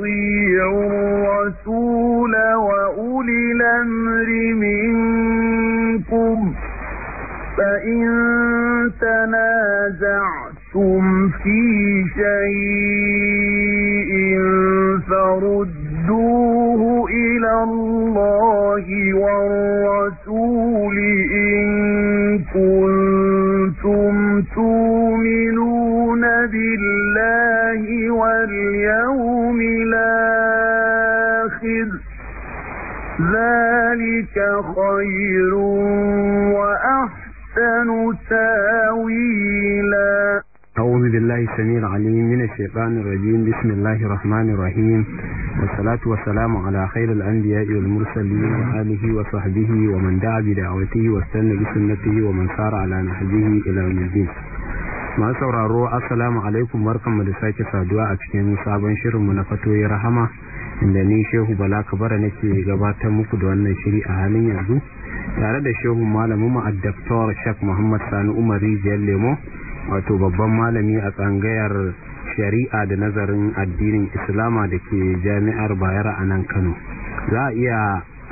الْمُعْصِينَ الرحمن الرحيم والصلاة والسلام على خير الأنبياء والمرسلين وآله وصحبه ومن دعا بدعوته واستنى بسنته ومن سار على نهجه إلى يوم الدين masu sauraro asalamu alaikum mu da sake saduwa a cikin sabon shirin mu na fatoyi rahama inda ni shehu bala kabara nake gabatar muku da wannan shiri a halin yanzu tare da shehu malamin a addaktor shak muhammad sani umar rijiyar lemo wato babban malami a tsangayar shari'a da nazarin addinin islama da ke jami'ar bayar a nan kano za a iya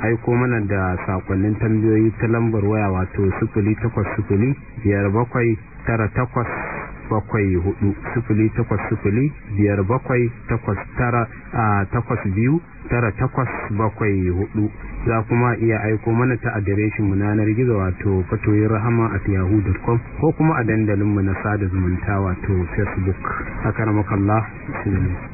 aiko mana da sakonnin tambayoyi ta lambar waya wato sufuli takwas sufuli biyar bakwai tara takwas bakwai hudu takwas biyar bakwai tara takwas bakwai hudu za kuma iya aiko mana ta adireshin munanar gizo wato fatoyin rahama a yahoo.com ko kuma a dandalin mu na sada zumunta wato facebook akramakallah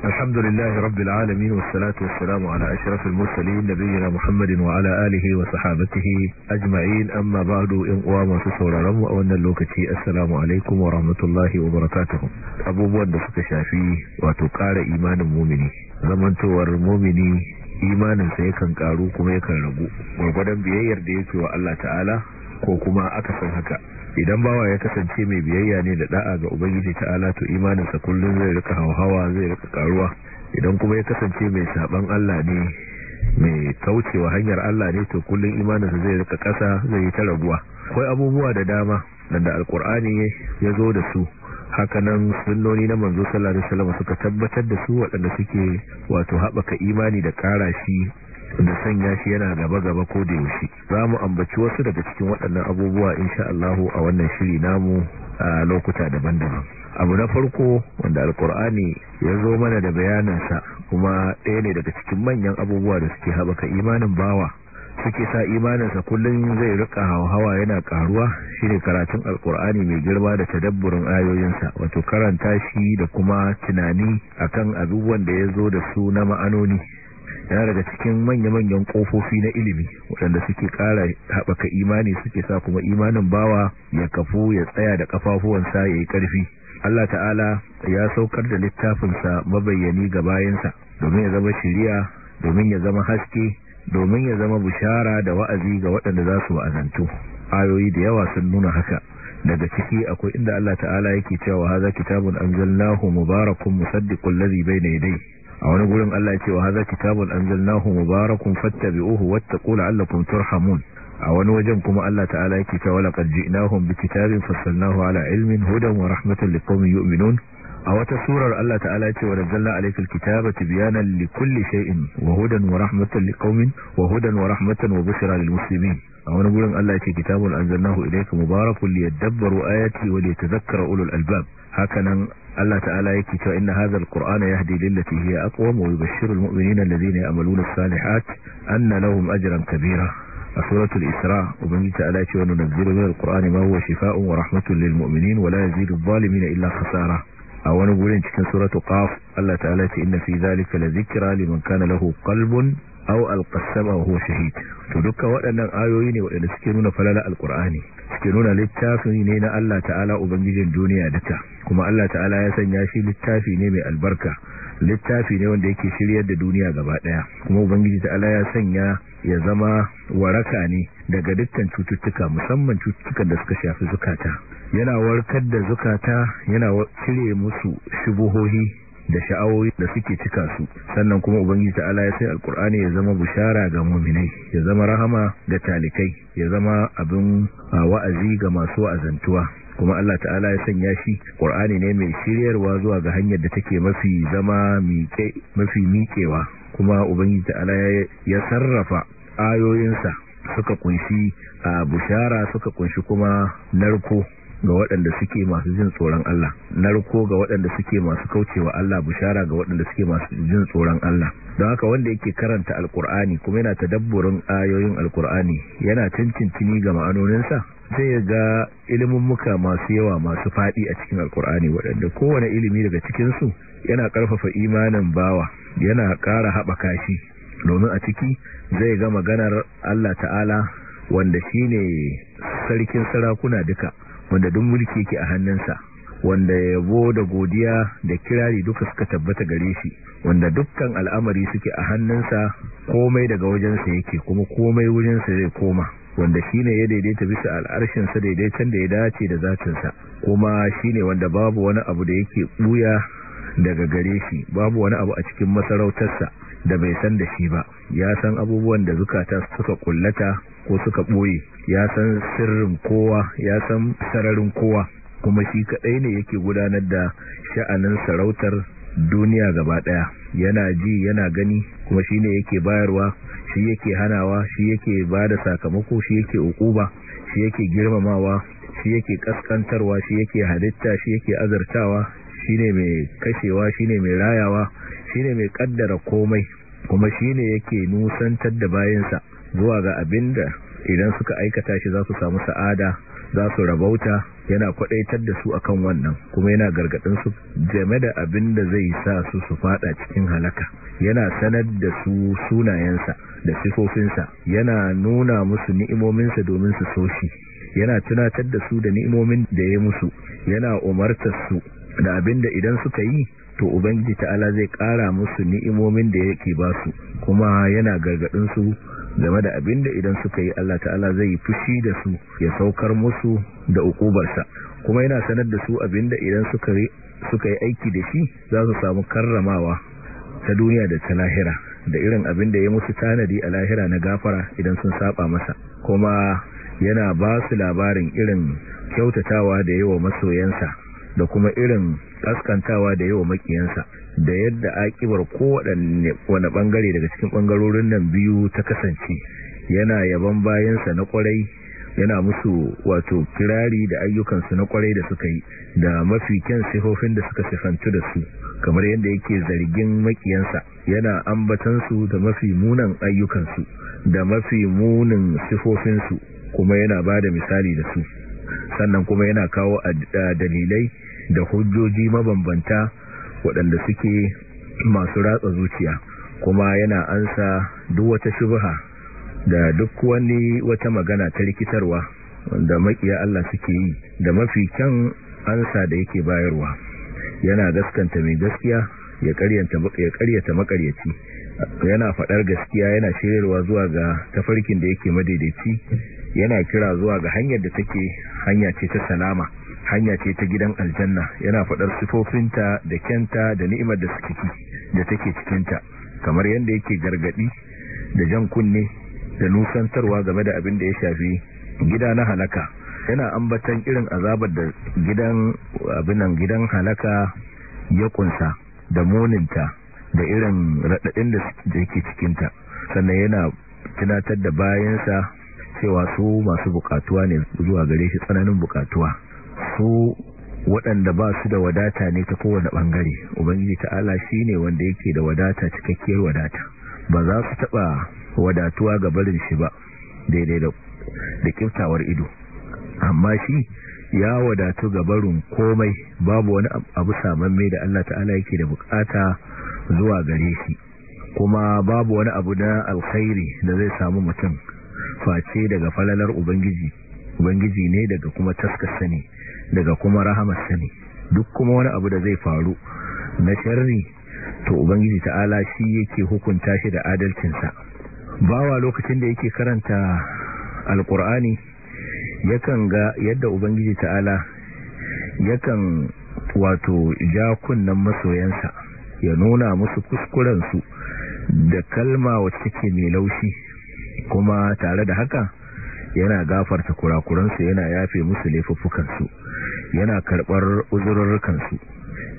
alhamdulillahi rabbil alamin wassalatu wassalamu ala ashrafil da nabiyina muhammadin wa ala alihi wa sahabatihi ajma'in amma ba'du in uwa masu sauraron mu a wannan lokaci assalamu alaikum wa rahmatullahi wa barakatuhu abubuwan da suka shafi wato ƙara imanin mumini zamantowar mumini imaninsa yakan karu kuma yakan ragu gwargwadon biyayyar da yake wa Allah ta'ala ko kuma aka san haka idan bawa ya kasance mai biyayya ne da da'a ga ubangiji ta'ala to imaninsa kullum zai rika hauhawa zai rika karuwa idan kuma ya kasance mai saban Allah ne mai kaucewa hanyar Allah ne to kullum imaninsa zai rika kasa zai yi ta raguwa akwai abubuwa da dama da alkur'ani ya zo da su hakanan sunnoni na manzo sallallahu alaihi wasallam suka tabbatar da su waɗanda suke wato haɓaka imani da ƙara shi da sanya shi yana gaba-gaba ko da yaushe za mu ambaci wasu daga cikin waɗannan abubuwa insha Allahu a wannan shiri namu a lokuta daban-daban abu na farko wanda alkur'ani ya zo mana da sa kuma ɗaya ne daga cikin manyan abubuwa da suke haɓaka imanin bawa suke sa imaninsa kullum zai rika hawa yana karuwa shine karatun alkur'ani mai girma da tadabburin ayoyinsa wato karanta shi da kuma tunani akan abubuwan da ya zo da su na ma'anoni yana daga cikin manya-manyan kofofi na ilimi waɗanda suke ƙara haɓaka imani suke sa kuma imanin bawa ya kafu ya tsaya da ƙafafuwansa ya yi ƙarfi Allah ta'ala ya saukar da littafinsa mabayyani ga bayansa domin ya zama shiriya domin ya zama haske domin ya zama bishara da wa'azi ga waɗanda za su wa'azantu ayoyi da yawa sun nuna haka daga ciki akwai inda Allah ta'ala yake cewa haza kitabun anzalnahu mubarakun musaddiqul ladhi bayna yadayhi a wani gurin Allah ya ce wa haza kitabun anzalnahu mubarakun fattabi'uhu wattaqu la'allakum turhamun a wani wajen kuma Allah ta'ala yake cewa laqad ji'nahum bi kitabin fassalnahu ala ilmin hudan wa rahmatan liqaumin yu'minun a wata surar Allah ta'ala ya ce wa nazzalna alaykal kitaba tibyanan likulli shay'in wa hudan wa rahmatan liqaumin wa hudan wa rahmatan wa bushra lil muslimin a wani gurin Allah ya ce kitabun anzalnahu ilayka mubarakun liyadabbaru ayati wa liyatadhakkara ulul albab hakanan Allah ta'ala yake cewa inna hadhal qur'ana yahdi lil lati hiya aqwam wa yubashshiru al mu'minina alladhina ya'maluna as-salihat anna lahum ajran kabira a suratul isra ubangiji ta'ala ce wa nunzilu min al qur'ani ma huwa shifaa'un wa rahmatun lil mu'minin wa la yazidu adh-dhalimina illa khasara a wani gurin cikin suratu qaf Allah ta'ala ce inna fi zalika la zikra liman kana lahu qalbun aw alqasama wa huwa shahid to duka waɗannan ayoyi ne waɗanda suke nuna falala alqur'ani suke nuna littafi ne na Allah ta'ala ubangijin duniya duka kuma Allah ta'ala ya sanya shi littafi ne mai albarka littafi ne wanda yake shiryar da duniya gaba daya kuma ubangiji ta Allah ya sanya ya zama waraka ne daga dukkan cututtuka musamman cututtukan da suka shafi zukata yana warkar da zukata yana cire musu shubuhohi da sha'awoyi da suke cika su sannan kuma ubangiji ta Allah ya sai alkur'ani ya zama bushara ga mu'minai ya zama rahama ga talikai ya zama abin wa'azi ga masu azantuwa. kuma Allah ta'ala ya sanya shi Qur'ani ne mai shiryarwa zuwa ga hanyar da take mafi zama miƙe mafi miƙewa kuma ubangiji ta'ala ya sarrafa ayoyinsa suka kunshi a bushara suka kunshi kuma narko ga waɗanda suke masu jin tsoron Allah narko ga waɗanda suke masu kaucewa Allah bushara ga waɗanda suke masu jin tsoron Allah don haka wanda yake karanta alkur'ani kuma yana ta tadabburin ayoyin alkur'ani yana cancintini ga ma'anoninsa sai ga ilimin muka masu yawa masu faɗi a cikin alkur'ani waɗanda kowane ilimi daga cikinsu yana ƙarfafa imanin bawa yana ƙara haɓaka shi domin a ciki zai ga maganar Allah ta'ala wanda shi ne sarkin sarakuna duka wanda duk mulki yake a hannunsa wanda yabo da godiya da kirari duka suka tabbata gare shi wanda dukkan al'amari suke a hannunsa komai daga wajensa yake kuma komai sa zai koma wanda shine ya daidaita bisa al'arshinsa daidaitan da ya dace da zatinsa kuma shine wanda babu wani abu da yake buya daga gare shi babu wani abu a cikin masarautarsa da bai san da shi ba ya san abubuwan da zukata suka kullata ko suka ɓoye ya san sirrin kowa ya san sararin kowa kuma shi kaɗai ne yake gudanar da sha'anin sarautar duniya gaba daya yana ji yana gani kuma shi ne yake bayarwa shi yake hanawa shi yake da sakamako shi yake ukuba shi yake girmamawa shi yake kaskantarwa shi yake halitta shi yake azartawa shi ne mai kashewa shi ne mai rayawa Shi ne mai kaddara komai kuma shi ne yake nusantar da bayansa zuwa ga abin da idan suka aikata shi za su samu sa'ada za su rabauta yana kwadaitar da su akan wannan kuma yana gargadin su game da abin da zai sa su su fada cikin halaka yana sanar da su sunayensa da sifofinsa yana nuna musu ni'imominsa domin su so shi yana tunatar da su da ni'imomin da ya musu yana umartar su da abin da idan suka yi to ubangiji ta'ala zai kara musu ni'imomin da yake ba su kuma yana gargadin su game da abin da idan suka yi Allah ta'ala zai fushi da su ya saukar musu da ukubarsa kuma yana sanar da su abin da idan suka yi suka yi aiki da shi za su samu karramawa ta duniya da ta lahira da irin abin da ya musu tanadi a lahira na gafara idan sun saba masa kuma yana ba su labarin irin kyautatawa da yawa masoyansa da kuma irin kaskantawa da yawa makiyansa da yadda akibar kowane wane bangare daga cikin ɓangarorin nan biyu ta kasance yana yaban bayansa na ƙwarai yana musu wato kirari da ayyukansu na kwarai da suka yi da mafi kyan sifofin da suka sifantu da su kamar yadda yake zargin makiyansa yana ambatansu da mafi munan ayyukansu da mafi munin sifofinsu kuma yana ba da misali da su sannan kuma yana kawo dalilai da hujjoji mabambanta waɗanda suke masu ratsa zuciya kuma yana ansa duk wata shubha da duk wani wata magana ta rikitarwa da makiya Allah suke yi da mafi kyan ansa da yake bayarwa yana gaskanta mai gaskiya ya karyanta karyata makaryaci yana faɗar gaskiya yana shirarwa zuwa ga tafarkin da yake madaidaici yana kira zuwa ga hanyar da take hanya ce ta salama hanya ce ta gidan aljanna yana faɗar sifofinta da kyanta da ni'imar da suke da take cikinta kamar yadda yake gargadi da jan kunne da nusantarwa game da abin da ya shafi gida na halaka yana ambatan irin azabar da gidan abinan gidan halaka ya kunsa da moninta da irin raɗaɗin da yake cikinta sannan yana tunatar da bayansa cewa su masu bukatuwa ne zuwa gare shi tsananin bukatuwa su waɗanda ba su da wadata ne ta kowane ɓangare ubangiji ta'ala shi ne wanda yake da wadata cikakkiyar wadata ba za su taɓa wadatuwa ga barin shi ba daidai da kyautawar ido amma shi ya wadatu ga barin komai babu wani abu mai da Allah ta'ala yake da bukata zuwa gare shi kuma babu wani abu na alkhairi da zai samu mutum face daga falalar ubangiji ubangiji ne daga kuma taskar ne daga kuma rahamarsa ne duk kuma wani abu da zai faru na sharri to ubangiji ta'ala shi yake hukunta shi da adalcinsa bawa lokacin da yake karanta alkur'ani yakan ga yadda ubangiji ta'ala yakan wato ja kunnen masoyansa ya nuna musu kuskurensu da kalma wacce ke mai laushi kuma tare da haka yana gafarta kurakuransu yana yafe musu laifuffukansu yana karɓar uzurarrukansu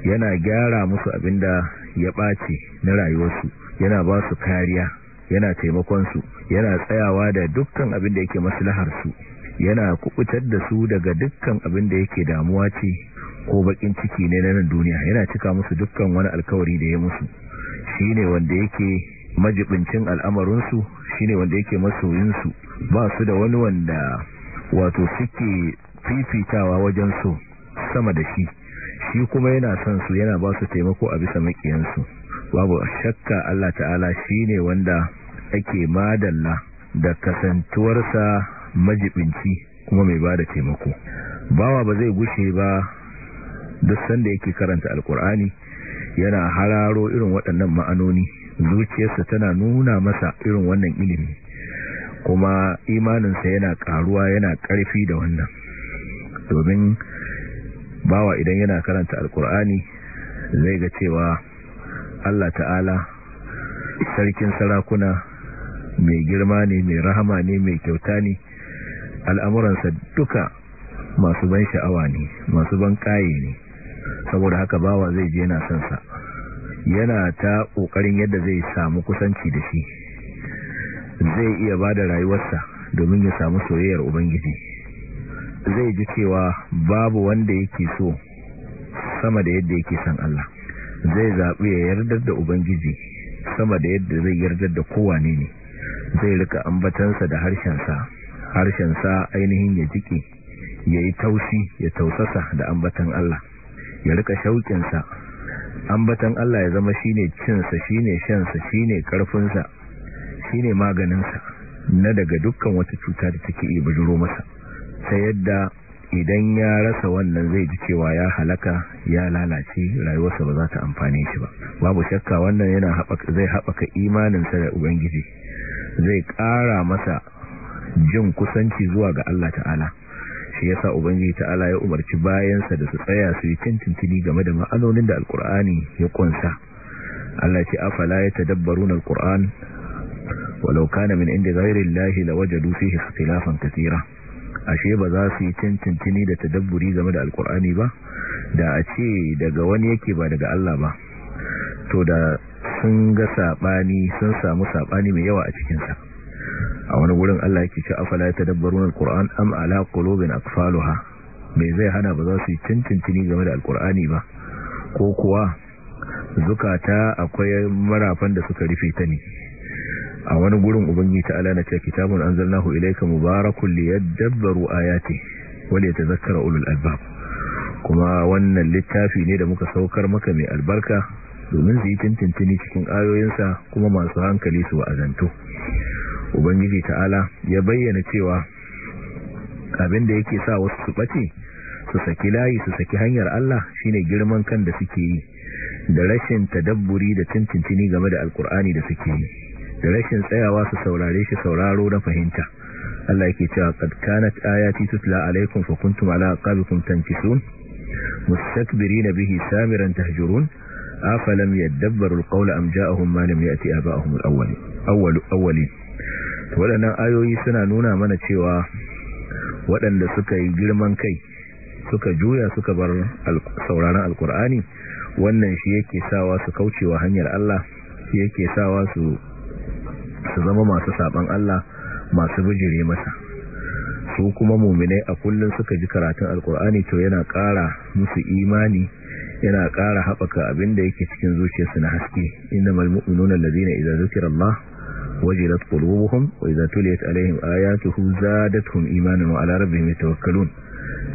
yana gyara musu abinda ya ɓace na rayuwarsu yana ba su kariya yana taimakonsu yana tsayawa da dukkan abin da yake maslaharsu yana kubutar da su daga dukkan abin da yake damuwa ce ko bakin ciki ne na nan duniya yana cika musu dukkan wani alkawari da ya musu shine wanda yake majibincin al'amarinsu shine wanda yake masoyinsu ba su da wani wanda wato suke fifitawa wajen su sama da shi shi kuma yana son su yana ba su taimako a bisa makiyansu babu shakka Allah ta'ala shi ne wanda ake madalla da kasantuwarsa majibinci kuma mai ba da taimako bawa ba zai gushe ba duk sanda yake karanta alkur'ani yana hararo irin waɗannan ma'anoni zuciyarsa tana nuna masa irin wannan ilimi kuma imaninsa yana karuwa yana karfi da wannan domin bawa idan yana karanta alkur'ani zai ga cewa Allah ta'ala sarkin sarakuna mai girma ne mai rahama ne mai kyauta ne al'amuransa duka masu ban sha'awa ne masu ban kaye ne saboda haka bawa zai je yana sonsa. yana ta kokarin yadda zai samu kusanci da shi zai iya ba da rayuwarsa domin ya samu soyayyar ubangiji zai ji cewa babu wanda yake so sama da yadda yake san Allah zai zaɓi ya yarda da ubangiji sama da yadda zai yarda da kowane ne zai rika ambatansa da harshensa harshensa ainihin ya jike ya yi taushi ya tausasa da ambatan Allah ya rika shauƙinsa ambatan Allah ya zama shine cinsa shine shansa shine karfinsa shine maganinsa na daga dukkan wata cuta da take iya bujuro masa ta yadda idan ya rasa wannan zai ji cewa ya halaka ya lalace rayuwarsa ba za ta amfane shi ba babu shakka wannan yana haɓaka zai haɓaka imaninsa da ubangiji zai ƙara masa jin kusanci zuwa ga Allah ta'ala shi yasa ubangiji ta'ala ya umarci bayansa da su tsaya su yi tintintini game da ma'anonin da alkur'ani ya kunsa Allah ce afala yatadabbaruna al'kur'an walau kana min inda ghairi llahi lawajadu fihi ikhtilafan katira ashe ba za su yi tintintini da tadabburi game da alkur'ani ba da a ce daga wani yake ba daga Allah ba to da sun ga sabani sun samu sabani mai yawa a cikin sa a wani gurin Allah yake ce afala ya al alquran am ala qulubin aqfaluha me zai hana ba za su yi game da alqurani ba ko kuwa zukata akwai marafan da suka rufe ta ne a wani gurin ubangi ta ala na ce kitabun anzalnahu ilayka mubarakun liyadabbaru ayati wal yatadhakkara ulul albab kuma wannan littafi ne da muka saukar maka mai albarka domin su yi cikin ayoyinsa kuma masu hankali su wa'azantu ubangiji ta'ala ya bayyana cewa abin da yake sa wasu su bace su saki layi su saki hanyar Allah shine girman kan da suke yi da rashin tadabburi da tuntuntuni game da alkur'ani da suke yi da rashin tsayawa su saurare shi sauraro na fahimta Allah yake cewa qad kanat ayati tutla alaykum fa kuntum ala aqabikum tankisun mustakbirin bihi samiran tahjurun afalam yadabbaru alqawla am ja'ahum ma lam ya'ti aba'ahum alawwal awwal awwalin waɗannan ayoyi suna nuna mana cewa waɗanda suka yi girman kai suka juya suka bar sauraron alkur'ani wannan shi yake sawa su kaucewa hanyar Allah shi yake sawa su zama masu saban Allah masu bijire masa su kuma muminai a kullum suka ji karatun alkur'ani to yana ƙara musu imani yana ƙara haɓaka abinda yake cikin zuciyarsu na haske inda malmu'minuna allazina idan zukirar Allah wajilat qulubuhum wa idza tuliyat alaihim ayatuhu zadatuhum imanan wa ala rabbihim yatawakkalun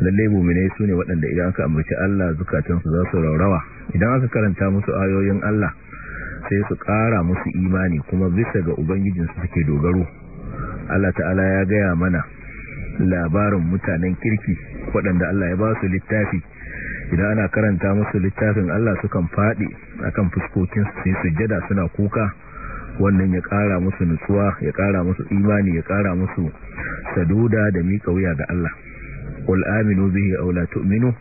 lalle mu'minai sune waɗanda idan aka ambaci Allah zukatansu za su raurawa idan aka karanta musu ayoyin Allah sai su ƙara musu imani kuma bisa ga ubangijinsu suke dogaro Allah ta'ala ya gaya mana labarin mutanen kirki waɗanda Allah ya ba su littafi idan ana karanta musu littafin Allah sukan faɗi akan fuskokinsu sai sujjada suna kuka wannan ya kara musu nutsuwa ya kara musu imani ya kara musu saduda da mika wuya ga Allah qul aminu bihi aw la tu'minu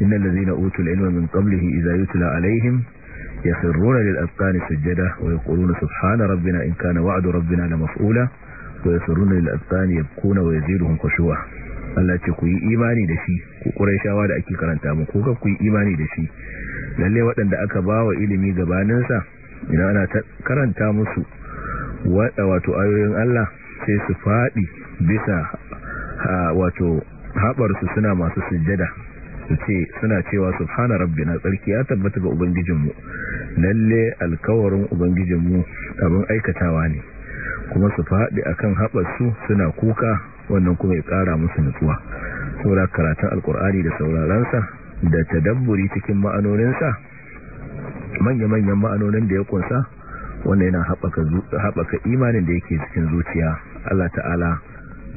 innal ladzina utul ilma min qablihi idza yutla alaihim yakhruna lil azqani sujada wa yaquluna subhana rabbina in kana wa'du rabbina la maf'ula wa yakhruna lil azqani yabkuna wa yaziduhum khushu'a Allah ce ku yi imani da shi ku ƙuraishawa da ake karanta muku ga ku yi imani da shi lalle waɗanda aka bawa ilimi gabaninsa Ina ana karanta musu wada wato ayoyin Allah sai su faɗi bisa wato haɓarsu suna masu sujjada su ce suna cewa subhana rabbina tsarki ya tabbata ga ubangijinmu lalle alkawarin ubangijinmu abin aikatawa ne kuma su faɗi akan haɓarsu suna kuka wannan kuma ya ƙara musu nutsuwa saboda karatun alkur'ani da sauraransa da tadabburi cikin ma'anoninsa manya-manyan ma'anonin da ya kunsa wanda yana haɓaka imanin da yake cikin zuciya Allah ta'ala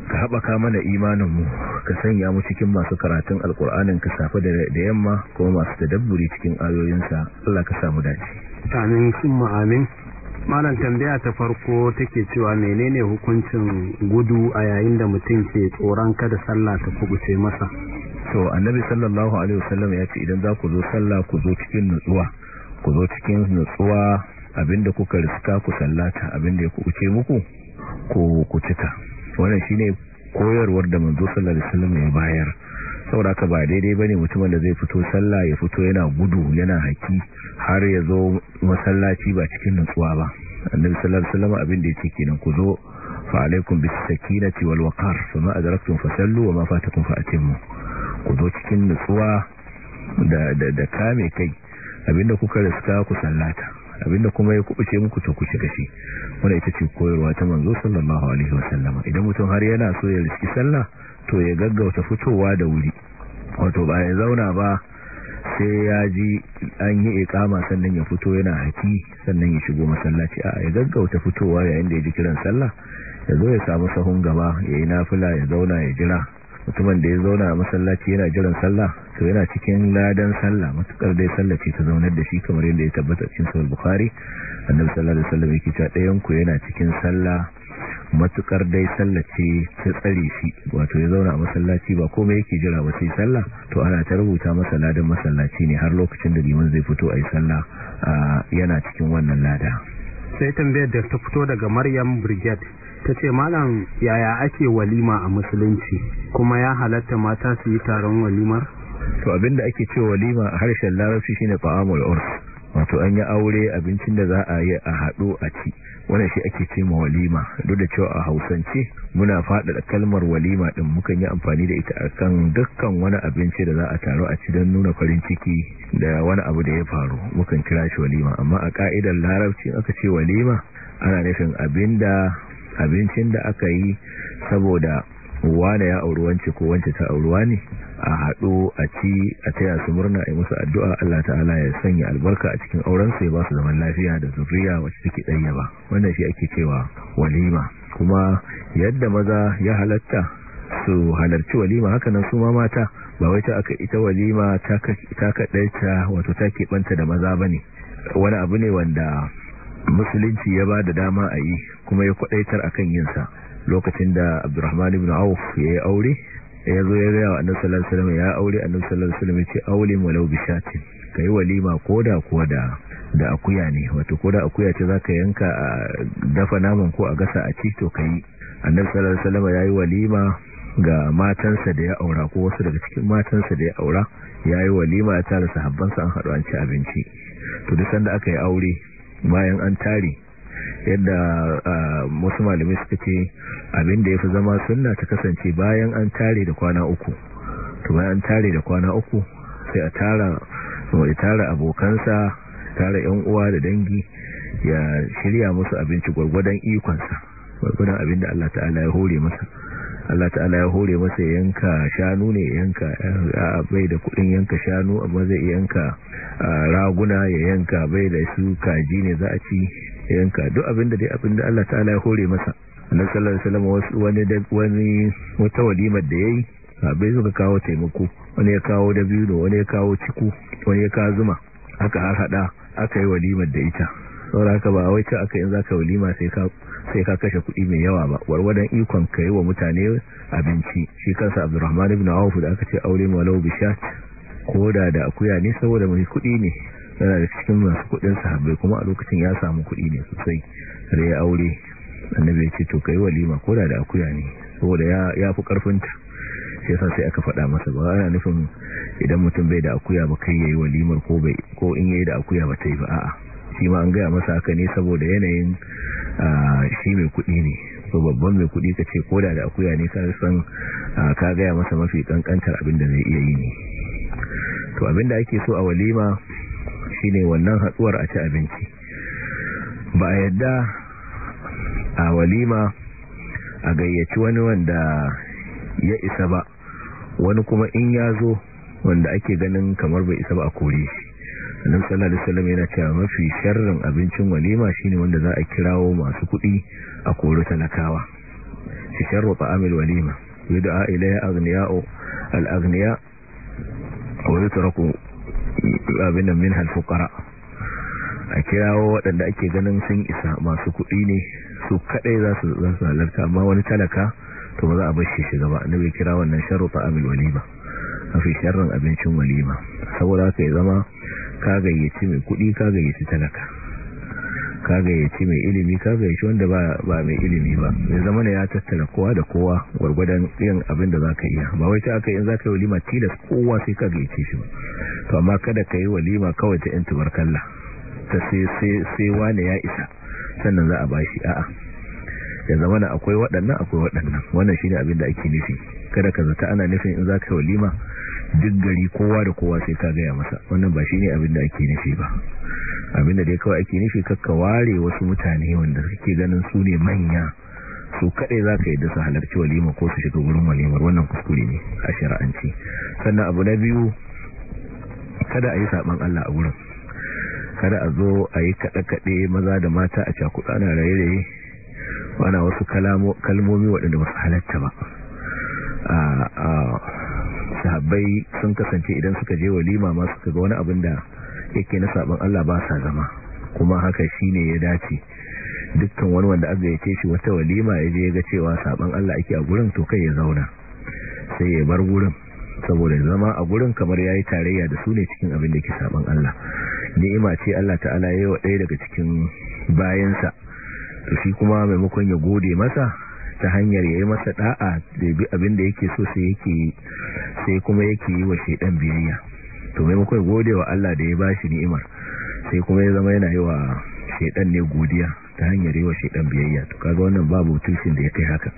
ka haɓaka mana imaninmu ka sanya mu cikin masu karatun alkur'anin ka safe da yamma kuma masu tadabburi cikin ayoyinsa Allah ka samu dace amin sun amin malam tambaya ta farko take cewa menene hukuncin gudu a yayin da mutum ke tsoron kada sallah ta kubuce masa to annabi sallallahu alaihi wasallam ya ce idan za ku zo sallah ku zo cikin nutsuwa ku zo cikin nutsuwa abinda kuka riska ku sallata abinda ya kuce muku ko ku cika wannan shine koyarwar da manzo sallallahu alaihi wasallam ya bayar saboda ka ba daidai bane mutumin da zai fito sallah ya fito yana gudu yana haki har ya zo masallaci ba cikin nutsuwa ba annabi sallallahu alaihi wasallam abinda yake kenan ku zo fa alaikum bis sakinati wal waqar ma adraktum fasallu ma fatakum fa atimmu ku zo cikin nutsuwa da da, da kame kai abinda kuka riska ku sallata abinda kuma ya kubuce muku to ku shiga shi wannan ita ce koyarwa ta manzo sallallahu alaihi wasallam idan mutum har yana so ya riski sallah to ya gaggauta fitowa da wuri wato ba ya zauna ba sai ya ji an yi ikama sannan ya fito yana haki sannan ya shigo masallaci a ya gaggauta fitowa yayin da ya ji kiran sallah ya zo ya samu sahun gaba ya yi nafila ya zauna ya jira mutumin da ya zauna a masallaci yana jiran sallah to yana cikin ladan sallah matukar dai sallace ta zaunar da shi kamar yadda ya tabbata cikin sahih bukhari annabi sallallahu alaihi wasallam yake cewa ɗayan ku yana cikin sallah matukar dai sallace ta tsare shi wato ya zauna a masallaci ba komai yake jira ba sai sallah to ana ta rubuta masa ladan masallaci ne har lokacin da liman zai fito ayi sallah yana cikin wannan lada sai tambayar da ta fito daga Maryam Brigade ta ce malam yaya ake walima a musulunci kuma ya halatta mata su yi taron walimar to abinda ake ce walima a harshen larabci shine ta'amul urf wato an yi aure abincin da za a yi a haɗo a ci wannan shi ake ce ma walima duk da cewa a hausance muna faɗaɗa kalmar walima ɗin mukan yi amfani da ita akan dukkan wani abinci da za a taro a ci don nuna farin ciki da wani abu da ya faru mukan kira shi walima amma a ka'idar larabci aka ce walima ana nufin abin da abincin da aka yi saboda wane ya auri wance ko wance ta auruwa ne a haɗo a ci a taya su murna a musu addu'a Allah ta'ala ya sanya albarka a cikin auren su ya ba su zaman lafiya da zuriya wacce suke ɗanya ba wannan shi ake cewa walima kuma yadda maza ya halatta su halarci walima hakanan su mamata ba wai ta aka ita walima ta kaɗaita wato ta keɓanta da maza ba ne wani abu ne wanda musulunci ya ba da dama a yi kuma ya kwadaitar kan yinsa lokacin da abdurrahman ibn auf ya yi aure ya zo ya gaya wa annabi sallallahu alaihi wasallam ya aure annabi sallallahu alaihi wasallam ya ce aure walau bi shatin kai walima koda kuwa da akuya ne wato koda akuya ce zaka yanka a dafa naman ko a gasa a ci to kai annabi sallallahu alaihi wasallam yi walima ga matansa da ya aura ko wasu daga cikin matansa da ya aura ya yi walima ya tare sahabbansa an hadu an ci abinci to duk sanda aka yi aure bayan an tare yadda wasu malamai suka ce da ya fi zama sunna ta kasance bayan an tare da kwana uku to bayan an tare da kwana uku sai a tara ya tara abokansa tara yan uwa da dangi ya shirya musu abinci gwargwadon ikonsa gwargwadon da Allah ta'ala ya hore masa Allah ta'ala ya hore masa yanka shanu ne yanka bai da kudin yanka shanu amma zai yanka raguna ya yanka bai da su kaji ne za a ci yanka duk abinda dai abinda Allah ta'ala ya hore masa annabi sallallahu alaihi wasallam wani wata walimar da yayi bai suka kawo taimako wani ya kawo dabino wani ya kawo ciku wani ya kawo zuma aka har hada aka yi walimar da ita saboda haka ba wai ta aka yin zaka walima sai ka sai ka kashe kuɗi mai yawa ba warwadan ikon ka wa mutane abinci shi kansa abdurrahman ibn awf da aka ce aure malau bishat ko da da akuya ne saboda mai kuɗi ne yana da cikin masu kuɗin sahabbai kuma a lokacin ya samu kuɗi ne sosai da ya aure annabi ya ce to kai walima ko da da akuya ne saboda ya fi karfin ta sai yasa sai aka faɗa masa ba ana nufin idan mutum bai da akuya ba kai yayi walimar ko bai ko in yayi da akuya ba ta yi ba a'a shi ma an gaya masa haka ne saboda yanayin shi mai kuɗi ne so babban mai kuɗi ka ce koda da akuya ne ka san ka gaya masa mafi kankantar abin da zai iya yi ne to abin da ake so a walima shine wannan hatsuwar a ci abinci ba a yadda a walima a gayyaci wani wanda ya isa ba wani kuma in ya zo wanda ake ganin kamar bai isa ba a kore shi annabi sallallahu alaihi wasallam yana cewa mafi sharrin abincin walima shine wanda za a kirawo masu kuɗi a koro talakawa shi sharru ta'amil walima yud'a ilayya aghniya'u al-aghniya wa yutraku abinan min al-fuqara a kirawo waɗanda ake ganin sun isa masu kuɗi ne su kadai za su halarta amma wani talaka to ba za a bashi shi gaba annabi kira wannan sharru ta'amil walima mafi sharrin abincin walima saboda haka ya zama ka gayyaci mai kuɗi ka gayyaci talaka ka gayyaci mai ilimi ka gayyaci wanda ba ba mai ilimi ba ya zama ne ya tattala kowa da kowa gwargwadon yin abin da zaka iya ba wai ta aka yin zaka yi walima tilas kowa sai ka gayyaci shi ba to amma kada ka yi walima kawai ta yan barkalla ta sai sai sai wani ya isa sannan za a bashi a'a ya zama da akwai waɗannan akwai waɗannan wannan shine abin da ake nufi kada ka zata ana nufin in zaka yi walima duk gari kowa da kowa sai ka gaya masa wannan ba shine abin da ake nufi ba abinda da dai kawai ake nufi kakka ware wasu mutane wanda suke ganin su ne manya su kaɗai za ka yi da su halarci walima ko su shiga wurin walimar wannan kuskure ne a shari'anci sannan abu na biyu kada a yi saɓon allah a wurin kada a zo a yi kaɗe-kaɗe maza da mata a cakuɗa na raye-raye wana wasu kalmomi waɗanda ba su halatta ba ah, ah, sahabbai sun kasance idan suka je walima ma suka ga wani abin da yake na sabon Allah ba sa zama kuma haka shine ya dace dukkan wani wanda aka yace shi wata walima ya je ga cewa sabon Allah ake a gurin to kai ya zauna sai ya bar gurin saboda zama a gurin kamar ya yi tarayya da su ne cikin abin da ke sabon Allah ni'ima ce Allah ta'ala ya yayi wa ɗaya daga cikin bayansa to shi kuma maimakon ya gode masa ta hanyar yayi masa da'a da bi abin da yake so sai yake sai kuma yake yi wa shedan biyayya to maimakon gode wa Allah da ya bashi ni'imar sai kuma ya zama yana yi wa shedan ne godiya ta hanyar yi wa shedan biyayya to kaga wannan babu tushin da ya kai haka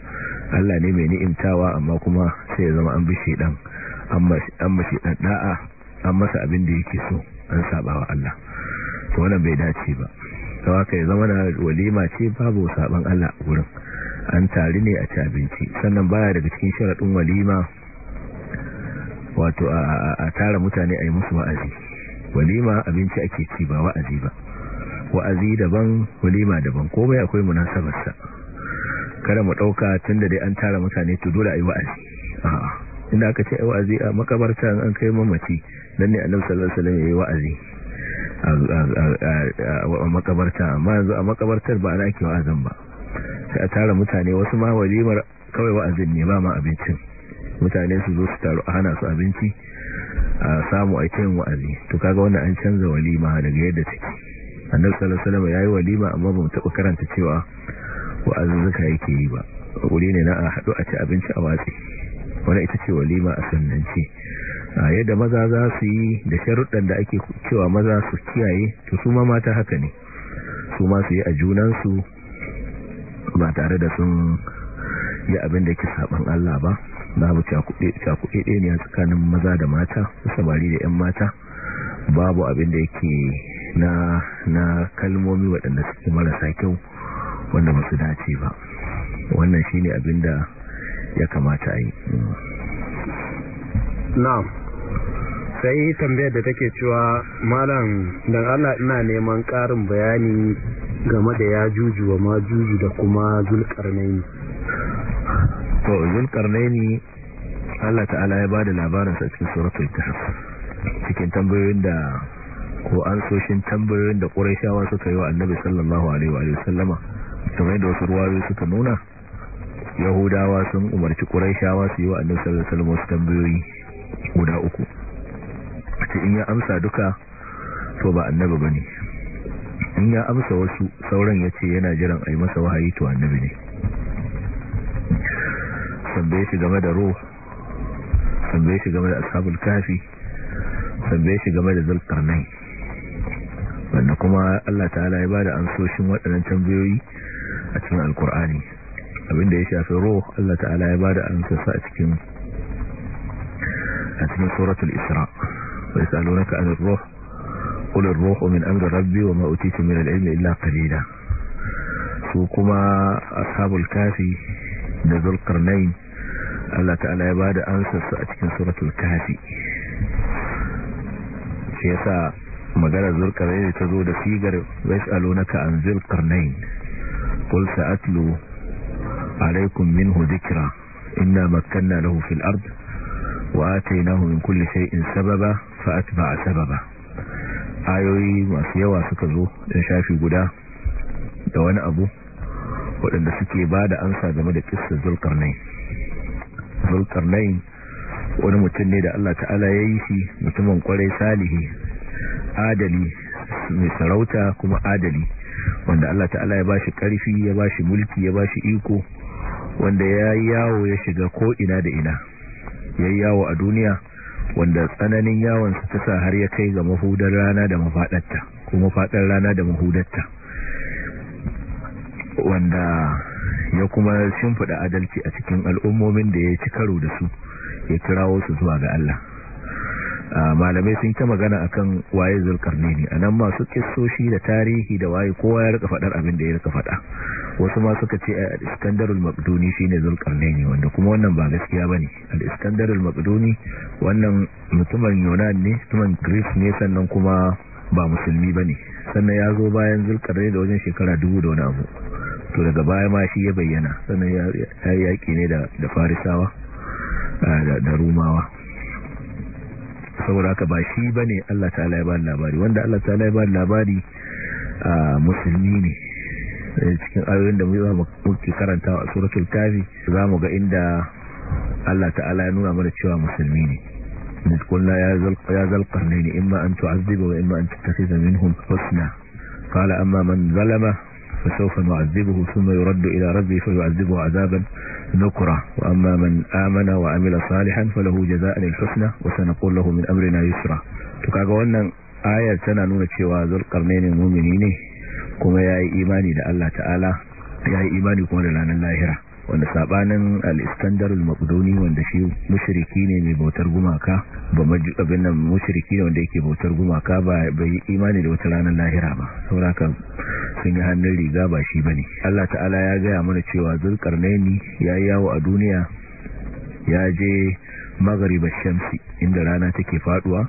Allah ne mai ni'imtawa amma kuma sai ya zama an bi shedan amma amma shedan da'a an masa abin da yake so an saba wa Allah to wannan bai dace ba kawaka ya zama na walima ce babu saban Allah gurin an tari ne a ci abinci sannan baya daga cikin sharaɗin walima wato a tara mutane a yi musu wa'azi walima abinci ake ci ba wa'azi ba wa'azi daban walima daban komai akwai munasabarsa kada mu ɗauka tun da dai an tara mutane to dole a yi wa'azi inda aka ce wa'azi a makabarta an kai mamaci don ne annabi sallallahu alaihi wasallam ya yi wa'azi a makabarta amma yanzu a makabartar ba ana ake wa'azin ba sai a tara mutane wasu ma walimar kawai wa'azin ne ba ma abincin mutane su zo su taru a hana su abinci a samu a wa'azi to kaga wannan an canza walima daga yadda take annabi sallallahu alaihi wasallam yayi walima amma ba mu taba karanta cewa wa'azuzzuka yake yi ba wuri ne na a haɗu a ci abinci a watsi wani ita ce walima a sunnance a yadda maza za su yi da sharuɗan da ake cewa maza su kiyaye to su ma mata haka ne su ma su yi a junansu ba tare da sun yi abin da ke saban Allah ba babu cakuɗe ne a tsakanin maza da mata samari da 'yan mata babu abin da yake na kalmomi waɗanda suke marasa kyau wanda ba dace ba wannan shi ne abin da ya kamata a yi na'am sai tambayar da take cewa malam don Allah ina neman ƙarin bayani game da ya juju wa ma juji da kuma zulkarnaini to zulkarnaini Allah ta'ala ya bada sa cikin suratul kahf cikin tambayoyin da ko an soshin tambayoyin da qurayshawa suka yi wa annabi sallallahu alaihi wa sallama kamar da wasu ruwayoyi suka nuna yahudawa sun umarci qurayshawa su yi wa annabi sallallahu alaihi wa sallam tambayoyi guda uku in ya amsa duka to ba annabi bane in ya amsa wasu sauran ya ce yana jiran a yi masa wahayi to annabi ne tambaye shi game da ruh ya shi game da ashabul kafi ya shi game da zulkarnai wanda kuma Allah ta'ala ya da amsoshin waɗannan tambayoyi a cikin alkur'ani abinda ya shafi ruwa Allah ta'ala ya da amsosa a cikin a cikin suratul isra salo na anir ruwa قل الروح من أمر ربي وما أتيت من العلم إلا قليلا سوقما أصحاب الكافي ذو القرنين الله تعالى يباد أنسى سأتكن سورة الكافي فيسا مجال ذو القرنين تزود سيقر ويسألونك عن ذو القرنين قل سأتلو عليكم منه ذكرى إنا مكنا له في الأرض وآتيناه من كل شيء سببا فأتبع سببا ayoyi masu yawa suka zo da shafi guda da wani abu waɗanda suke ba da ansa game da nai zulkarnain nai wani mutum ne da Allah ta'ala ya yi shi mutumin kwarai salihi adali mai sarauta kuma adali wanda Allah ta'ala ya ba shi ƙarfi ya ba shi mulki ya ba shi iko wanda ya yawo ya shiga ko ina da ina ya yawo a duniya wanda tsananin yawon su ta sa har ya kai ga mahudar rana da mafadarta ko mafaɗar rana da mahudarta wanda ya kuma shimfiɗa adalci a cikin al'ummomin da ya ci karo da su ya kirawo su zuwa ga Allah malamai sun ta magana a kan waye ne a nan masu kisoshi da tarihi da waye kowa ya rika faɗar abin da ya rika faɗa. wasu ma suka ce a iskandar al-maqduni shine ne wanda kuma wannan ba gaskiya ba ne iskandar al wannan mutumin yunan ne mutumin greece ne sannan kuma ba musulmi ba ne sannan ya zo bayan ne da wajen shekara dubu da wani abu to daga baya ma shi ya bayyana sannan ya yaki ne da farisawa da rumawa saboda haka ba shi ba ne Allah ta ya ba labari wanda Allah ta ya ba labari musulmi ne Eh, cikin ayoyin da muke karanta a suratul kafi za mu ga inda Allah ta'ala ya nuna mana cewa musulmi ne قلنا يا ذا يا ذا القرنين اما ان تعذب واما ان تتخذ منهم حسنا قال اما من ظلم فسوف نعذبه ثم يرد الى ربه فيعذبه عذابا نكرا واما من امن وعمل صالحا فله جزاء الحسنى وسنقول له من امرنا يسرا to kaga wannan ayar tana nuna cewa zulqarnain mu'mini ne kuma ya yi imani da Allah ta'ala ya yi imani kuma da ranar lahira wanda sabanin al-iskandar al-maqduni wanda shi mushriki ne mai bautar gumaka ba abin nan mushriki ne wanda yake bautar gumaka ba bai imani da wata ranar lahira ba sauraka sun yi hannun riga ba shi ba ne. Allah ta'ala ya gaya mana cewa zulkarnaini ya yi yawo a duniya ya je magariba shamsi inda rana take faduwa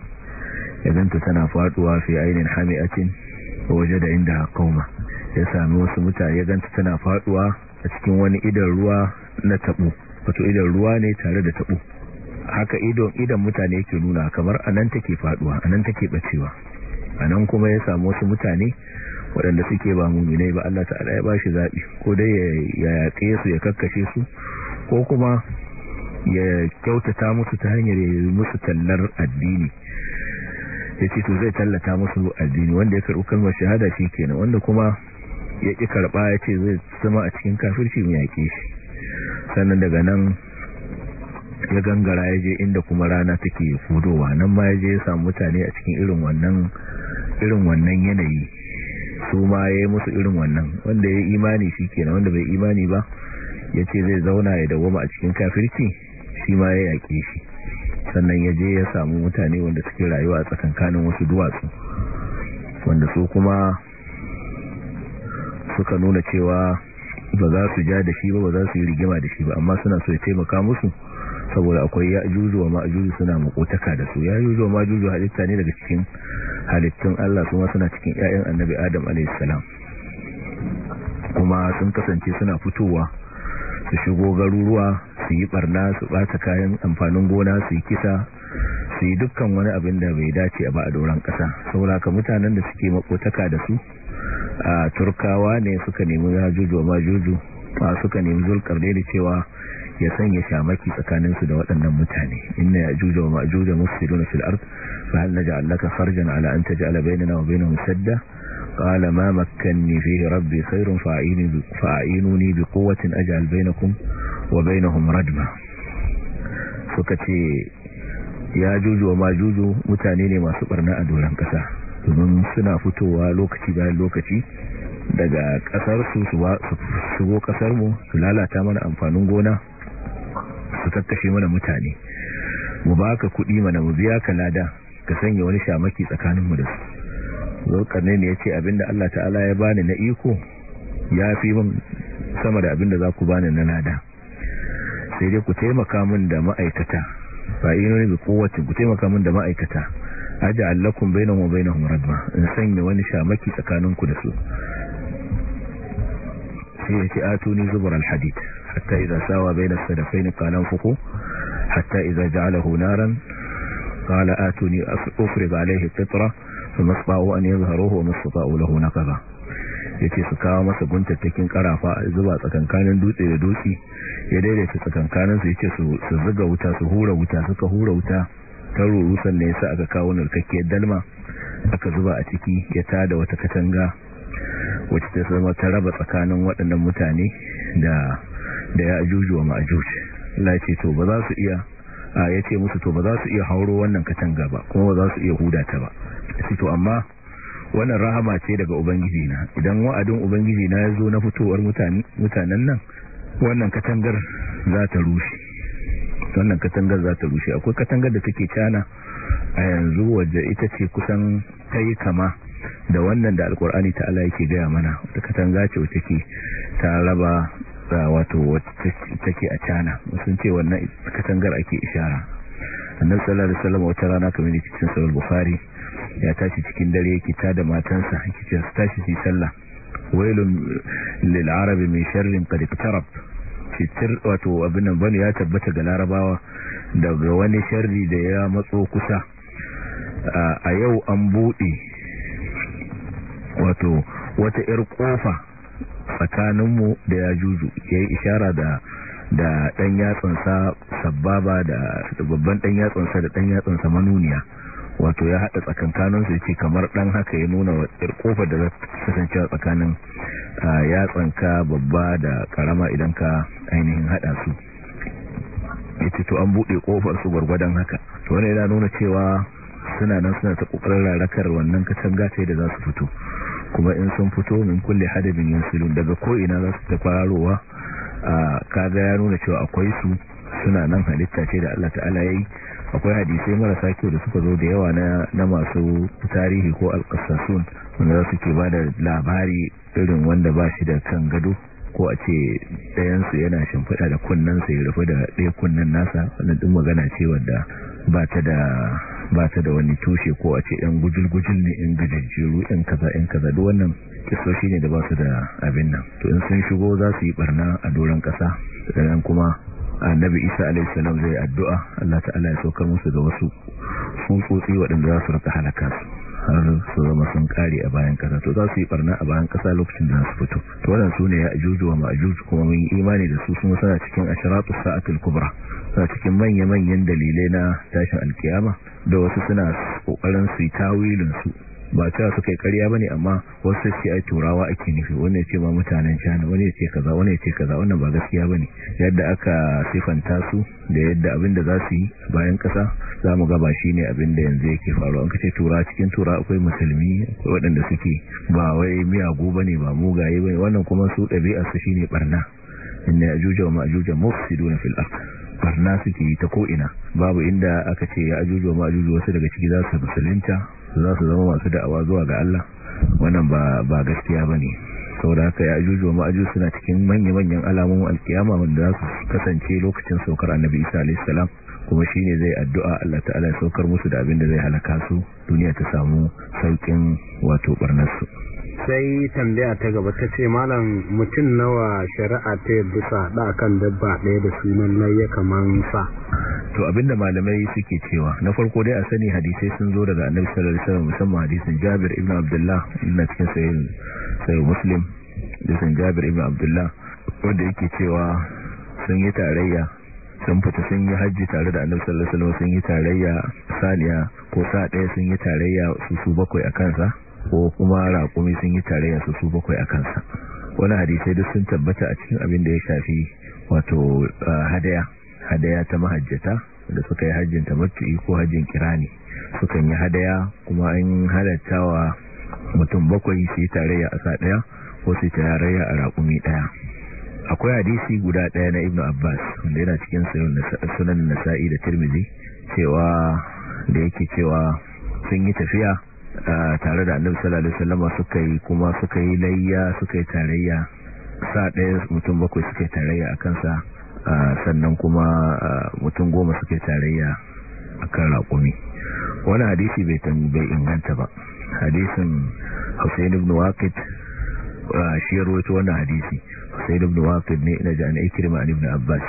ya zanta tana faduwa fi ainin hami'atin waje da inda kauma ya sami wasu mutane ya ganta tana faduwa a cikin wani idan ruwa na tabo wato idan ruwa ne tare da taɓo haka idon idan mutane yake nuna kamar anan take faduwa anan take bacewa anan kuma ya sami wasu mutane waɗanda suke ba muminai ba Allah ta'ala ya bashi zabi ko dai ya yaƙe su ya kakkashe su ko kuma ya kyautata musu ta hanyar ya yi musu tallar addini ya ce to zai tallata musu addini wanda ya karɓi kalmar shahada shi kenan wanda kuma ya ƙi karɓa ya ce zai zama a cikin kafirci mai yaƙe shi sannan daga nan ya gangara ya je inda kuma rana take fudowa nan ma ya je ya samu mutane a cikin irin wannan irin wannan yanayi su ma ya yi musu irin wannan wanda ya imani shi kenan wanda bai imani ba ya ce zai zauna ya dawoma a cikin kafirci shi ma ya yaƙe shi sannan ya je ya samu mutane wanda suke rayuwa a tsakankanin wasu duwatsu wanda su kuma suka nuna cewa ba za su ja da shi ba ba za su yi rigima da shi ba amma suna so ya taimaka musu saboda akwai ya juzu wa ma'ajuzu suna makotaka da su ya juzu wa ma'ajuzu halitta ne daga cikin halittun Allah kuma suna cikin 'ya'yan annabi Adam a.s. kuma sun kasance suna fitowa su shigo garuruwa su yi barna su ɓata kayan amfanin gona su yi kisa su yi dukkan wani abin da bai dace ba a doron ƙasa saboda ka mutanen da suke makotaka da su a turkawa ne suka nemi yajuju wa majuju ba suka nemi zulkar da cewa ya sanya shamaki tsakaninsu da waɗannan mutane inna yajuju wa majuju da fil ard ba hal da allaka farjan ala an taj'ala bainana wa bainahum sadda قال ما مكنني فيه ربي خير فاعينوني بقوة أجعل بينكم wa bainahum radma suka ce ya juju wa majuju mutane ne masu barna a doron kasa domin suna fitowa lokaci bayan lokaci daga kasar su su shigo kasar mu su lalata mana amfanin gona su kakkashe mana mutane mu baka kuɗi mana mu biya ka lada ka sanya wani shamaki tsakanin mu da su zokarne ne yace abinda Allah ta'ala ya bani na iko ya fi min sama da abinda za ku bani na lada sai dai ku taimaka min da ma'aikata fa ne da quwwatin ku taimaka min da ma'aikata aj'al allakum bainahu wa bainahum radma in sanya wani shamaki tsakanin ku da su sai ya ce atuni zubar alhadid hatta idza sawa baina sadafaini qala anfuqu hatta idza ja'alahu naran qala atuni ufrig alayhi fitra فما استطاعوا أن يظهروه وما استطاعوا له نقبا ya ce su kawo masa guntattakin karafa a zuba tsakankanin dutse da dutse ya daidaita tsakankaninsu su ce su zuga wuta su hura wuta suka hura wuta ta ruru sannan ya sa aka kawo narkakkiyar dalma aka zuba a ciki ya da wata katanga wacce ta zama ta raba tsakanin waɗannan mutane da da ya ajuju wa ma'ajuj Allah ce to ba za su iya a ya ce musu to ba za su iya hauro wannan katanga ba kuma ba za su iya huda ta ba to amma wannan rahama ce daga ubangiji na idan wa'adin ubangiji na ya zo na fitowar mutanen nan wannan katangar za ta rushe wannan katangar za ta rushe akwai katangar da take cana a yanzu wadda ita ce kusan kai kama da wannan da alkur'ani ta Allah yake gaya mana wata katanga ce wacce ke ta raba wato ta take a cana sun ce wannan katangar ake ishara annabi sallallahu alaihi wasallam wata rana kamar yake cikin sahih bukhari ya tashi cikin dare yake tada matansa yake ce su tashi su sallah wailun lil arabi min sharrin qad iqtarab fitir wato abin nan ya tabbata ga larabawa daga wani sharri da ya matso kusa a yau an bude wato wata yar kofa tsakaninmu da ya juju ya yi ishara da da ɗan yatsansa sababa da babban ɗan yatsansa da ɗan yatsansa manuniya wato ya haɗa tsakankanin su ce kamar ɗan haka ya nuna wa kofar da za kasance a tsakanin tsanka babba da ƙarama idan ka ainihin haɗa su yace to an buɗe kofar su gwargwadon haka to wani yana nuna cewa suna nan suna ta ƙoƙarin rarakar wannan katanga ta da za su fito kuma in sun fito min kulle hadabin yansulun daga ko'ina za su ta kwararowa kaga ya nuna cewa akwai su suna nan halitta ce da Allah ta'ala yayi akwai hadisai marasa kyau da suka zo da yawa na masu tarihi ko alqassasun wanda za su ke bada labari irin wanda ba shi da kan gado ko a ce ɗayansu yana shimfiɗa da kunnensa ya rufe da ɗaya kunnan nasa wannan ɗin magana ce da ba ta da wani tushe ko a ce ɗan gujil-gujil ne in gajajjeru in kaza in kaza duk wannan kisoshi ne da ba su da abin nan to in sun shigo za su yi barna a doron ƙasa sannan kuma annabi isa alaihi salam zai addu'a Allah ta'ala ya saukar musu da wasu tsutsotsi waɗanda za su rika halaka su har su zama sun kare a bayan ƙasa to za su yi barna a bayan ƙasa lokacin da su fito to waɗansu ne ya ajuju wa ma'ajuju kuma mun yi imani da su sun suna cikin ashiratu sa'atul kubra suna cikin manya-manyan dalilai na tashin alkiyama da wasu suna ƙoƙarin su yi tawilin su ba cewa suka yi ƙarya bane amma wasu sai ai turawa ake nufi wanda ya ce ba mutanen China wani ya ce kaza wani ya ce kaza wannan ba gaskiya bane yadda aka sifanta su da yadda abin da za su yi bayan kasa za mu gaba shi ne abin da yanzu yake faru an kace tura cikin tura akwai musulmi waɗanda suke ba wai miyagu bane ba mugaye ne wannan kuma su ɗabi'a su shine barna inna ajuja wa majuja mufsiduna fil ardh barna suke yi ta ko'ina babu inda aka ce ya ajuju wa ma'ajuju wasu daga ciki za su musulunta za su zama masu da'awa zuwa ga Allah wannan ba gaskiya ba ne saboda haka ya ajuju wa suna cikin manya-manyan alamomin alkiyama wanda za su kasance lokacin saukar annabi isa alaihissalam kuma shi ne zai addu'a Allah ta'ala saukar musu da abin da zai halaka su duniya ta samu saukin wato barnarsu sai tambaya ta gaba ta ce malam mutum nawa shari'a ta yadda sa da kan dabba ɗaya da sunan na kamar sa to abinda malamai suke cewa na farko dai a sani hadisai sun zo daga annabi sallallahu alaihi wasallam musamman hadisin Jabir ibn Abdullah ina cikin sahih sahih Muslim hadisin Jabir ibn Abdullah wanda yake cewa sun yi tarayya sun fita sun yi hajji tare da annabi sallallahu alaihi wasallam sun yi tarayya saniya ko sa ɗaya sun yi tarayya su su bakwai a kansa ko kuma raƙumi sun yi tarayya su su bakwai a kansa wani hadisai duk sun tabbata a cikin abin da ya shafi wato hadaya hadaya ta mahajjata da suka yi hajjin tamattu'i ko hajjin kirani sukan yi hadaya kuma an halatta wa mutum bakwai su yi tarayya a sa ɗaya ko su yi tarayya a raƙumi ɗaya akwai hadisi guda ɗaya na ibnu abbas wanda yana cikin sunan nasa'i da tirmizi cewa da yake cewa sun yi tafiya tare da annabi sallallahu alaihi wasallam suka yi kuma suka yi layya suka yi tarayya sa ɗaya mutum bakwai suka yi tarayya a kansa sannan kuma mutum goma suka yi tarayya a kan raƙumi wani hadisi bai inganta ba hadisin hussein ibn waqid shi ya rawaito wannan hadisi hussein ibn waqid ne ina ji an ikrima an ibn abbas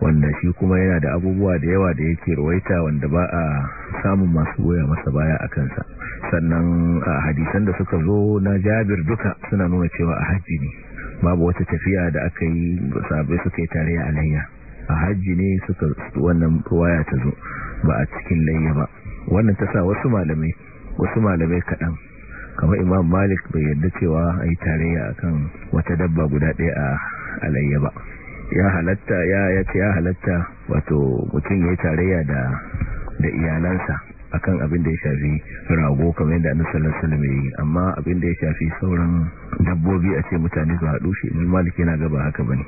wanda shi kuma yana da abubuwa da yawa da yake rawaita wanda ba a samun masu goya masa baya a kansa sannan hadisan da suka zo na jabir duka suna nuna cewa a hajji ne babu wata tafiya da aka yi sabai suka yi tare a layya a hajji ne suka wannan waya ta zo ba a cikin layya ba wannan ta sa wasu malamai wasu malamai kaɗan kamar imam malik bai yadda cewa a yi tarayya a kan wata dabba guda ɗaya a alayya ba ya halatta ya ya ce ya halatta wato mutum ya yi tarayya da iyalansa akan abin da ya shafi rago kamar yadda annabi sallallahu alaihi wasallam yayi amma abin da ya shafi sauran dabbobi a ce mutane su haɗu shi ibn malik yana gaba haka bane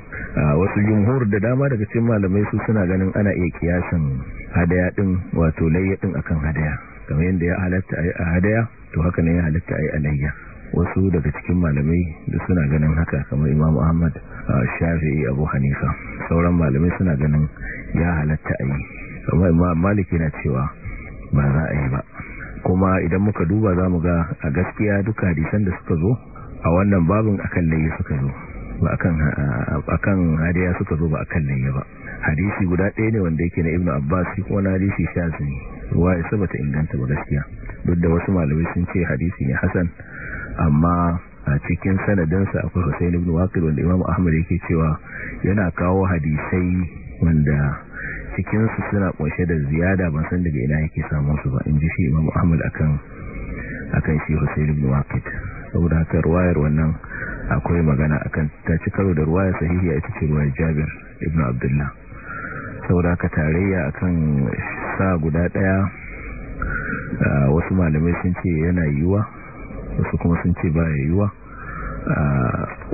wasu jumhur da dama daga cikin malamai su suna ganin ana iya kiyasan. hadaya din wato layya din akan hadaya kamar yadda ya halatta a hadaya to haka ne ya halatta a alayya wasu daga cikin malamai da suna ganin haka kamar Imam ahmad shafi'i abu hanifa sauran malamai suna ganin ya halatta a yi kamar imam cewa ba za a yi ba kuma idan muka duba za mu ga a gaskiya duka hadisan da suka zo a wannan babin akan laye suka zo ba akan hadiya suka zo ba akan laye ba hadisi guda ɗaya ne wanda yake na ibnu abbas shi kuma na hadisi shazi ne ruwa isa ta inganta ba gaskiya duk da wasu malamai sun ce hadisi ne hasan amma a cikin sanadinsa akwai husain ibn waqil wanda imam ahmad yake cewa yana kawo hadisai wanda cikin su suna kunshe da ziyada ban san daga ina yake samun su ba in ji shi imam ahmad akan akan shi hussein ibn waqid saboda haka ruwayar wannan akwai magana akan ta ci karo da ruwayar sahihi ita ce ruwayar jabir ibn abdullah saboda haka tarayya akan sa guda daya wasu malamai sun ce yana yiwa wasu kuma sun ce ba yiwa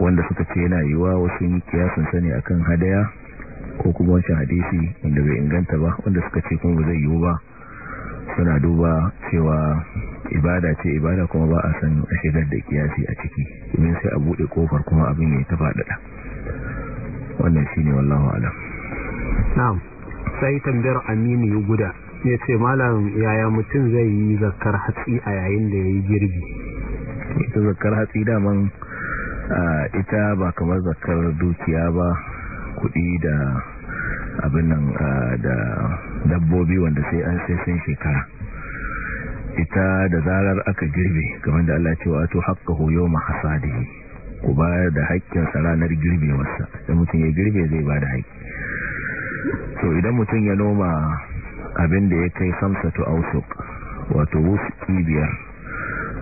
wanda suka ce yana yiwa wasu yi kiyasin sani akan hadaya ko kuma wancan hadisi wanda bai inganta ba wanda suka ce kuma zai yiwu ba suna duba cewa ibada ce ibada kuma ba a san a shigar da kiyasi a ciki domin sai a buɗe kofar kuma abin ya ta faɗaɗa wannan shi ne wallahu alam na'am sai tambayar aminu ya guda ya ce malam yaya mutum zai yi zakar hatsi a yayin da ya yi girbi ita zakar hatsi daman ah, ita ba kamar zakar dukiya ba kuɗi da abin nan da dabbobi wanda sai an sai sun shekara ita da zarar aka girbe kamar da Allah cewa to hu yawma hasadihi ku bayar da haƙƙin saranar girbe girbewarsa idan mutum ya girbe zai ba da haƙƙi to idan mutum ya noma abin da ya kai samsa to ausuk wato wuski biyar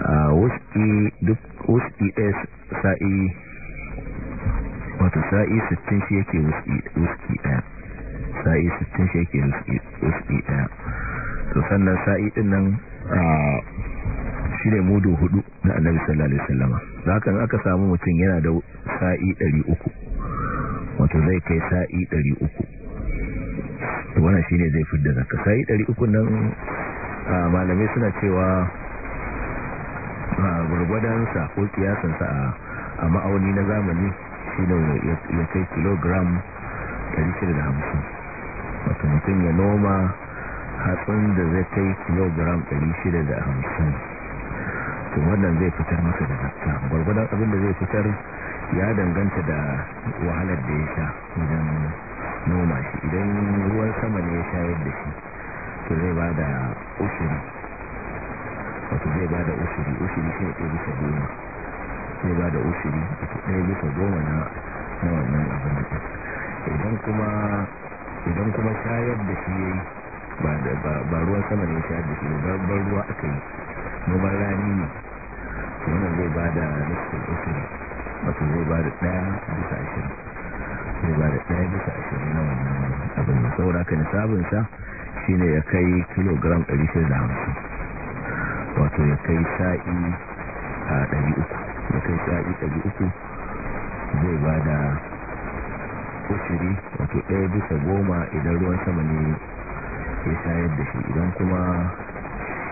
a wuski duk wuski ɗaya sa'i wato sa'i 60 shi yake wuski ɗaya sa'i 60 shi yake wuski ɗaya to sannan sa'i ɗin nan a shi ne mudu hudu na annabi sallallahu alaihi wasallama hakan aka samu mutum yana da sa'i 300 wato zai kai sa'i 300 to wannan shine zai fidda zakka sa'i 300 nan a malamai suna cewa a gurgwadansa ko kiyasansa a ma'auni na zamani da ya kai kilogram 650 wato mutum ya noma hatsin da zai kai kilogram 650 to wannan zai fitar masa da zakka gwargwadon abin da zai fitar ya danganta da wahalar da ya sha idan noma shi idan ruwan sama ne ya sha da shi to zai ba da ushiri wato zai ba da ushiri ushiri shi ne ke bisa goma sai ba da ushiri a ɗaya bisa goma na wannan abin da ke idan kuma shayar da shi yayi ba ruwan sama ne shayar da shi ba ban ruwa aka yi noman rani ne wannan zai ba da nufin ushiri wato zai ba da ɗaya bisa ashirin zai ba da ɗaya bisa ashirin na wannan abin da saura ka nisabinsa shi ne ya kai kilogram 650 wato ya kai sa'i a 300 ya kai sa'i ɗari uku zai ba da ushiri wato ɗaya bisa goma idan ruwan sama ne ya shayar da shi idan kuma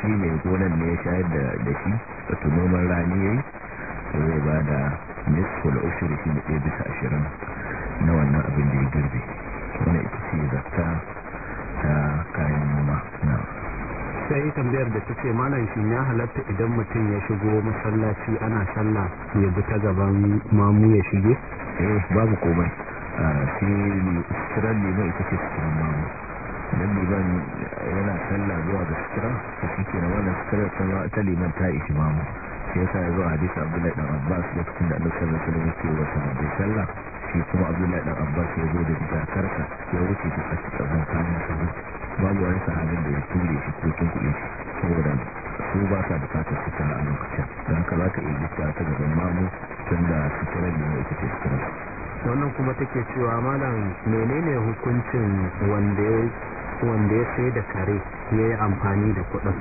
shi mai gonan ne ya shayar da shi wato noman rani ya yi zai ba da nisful ushiri shi ne ɗaya bisa ashirin na wannan abin da ya girbe wani ita ce zarta ta kayan noma na sai tambayar da take malam shi ya halatta idan mutum ya shigo masallaci ana sallah ya bi ta gaban mamu ya shige eh babu komai ah, sai sitirar ne mai ce cikin mamu idan liman yana sallah zuwa ga sitira ta cikin ke na ta sitirar ta liman ta ishi mamu sai ya sa ya zuwa hadisa abdullahi dan abbas lokacin da annabi sallallahu alaihi wasallam ya ce wa da sallah sai kuma abdullahi dan abbas ya zo da karka ya wuce ta kashi karban kayan ba babu wani sahabin da ya ture shi ko kuɗi saboda su ba sa da su sutura a lokacin don haka za ka iya gista ta gaban mamu tun da suturar da mai ita ce suturar wannan kuma take cewa malam menene hukuncin wanda ya sai da kare ya yi amfani da kuɗin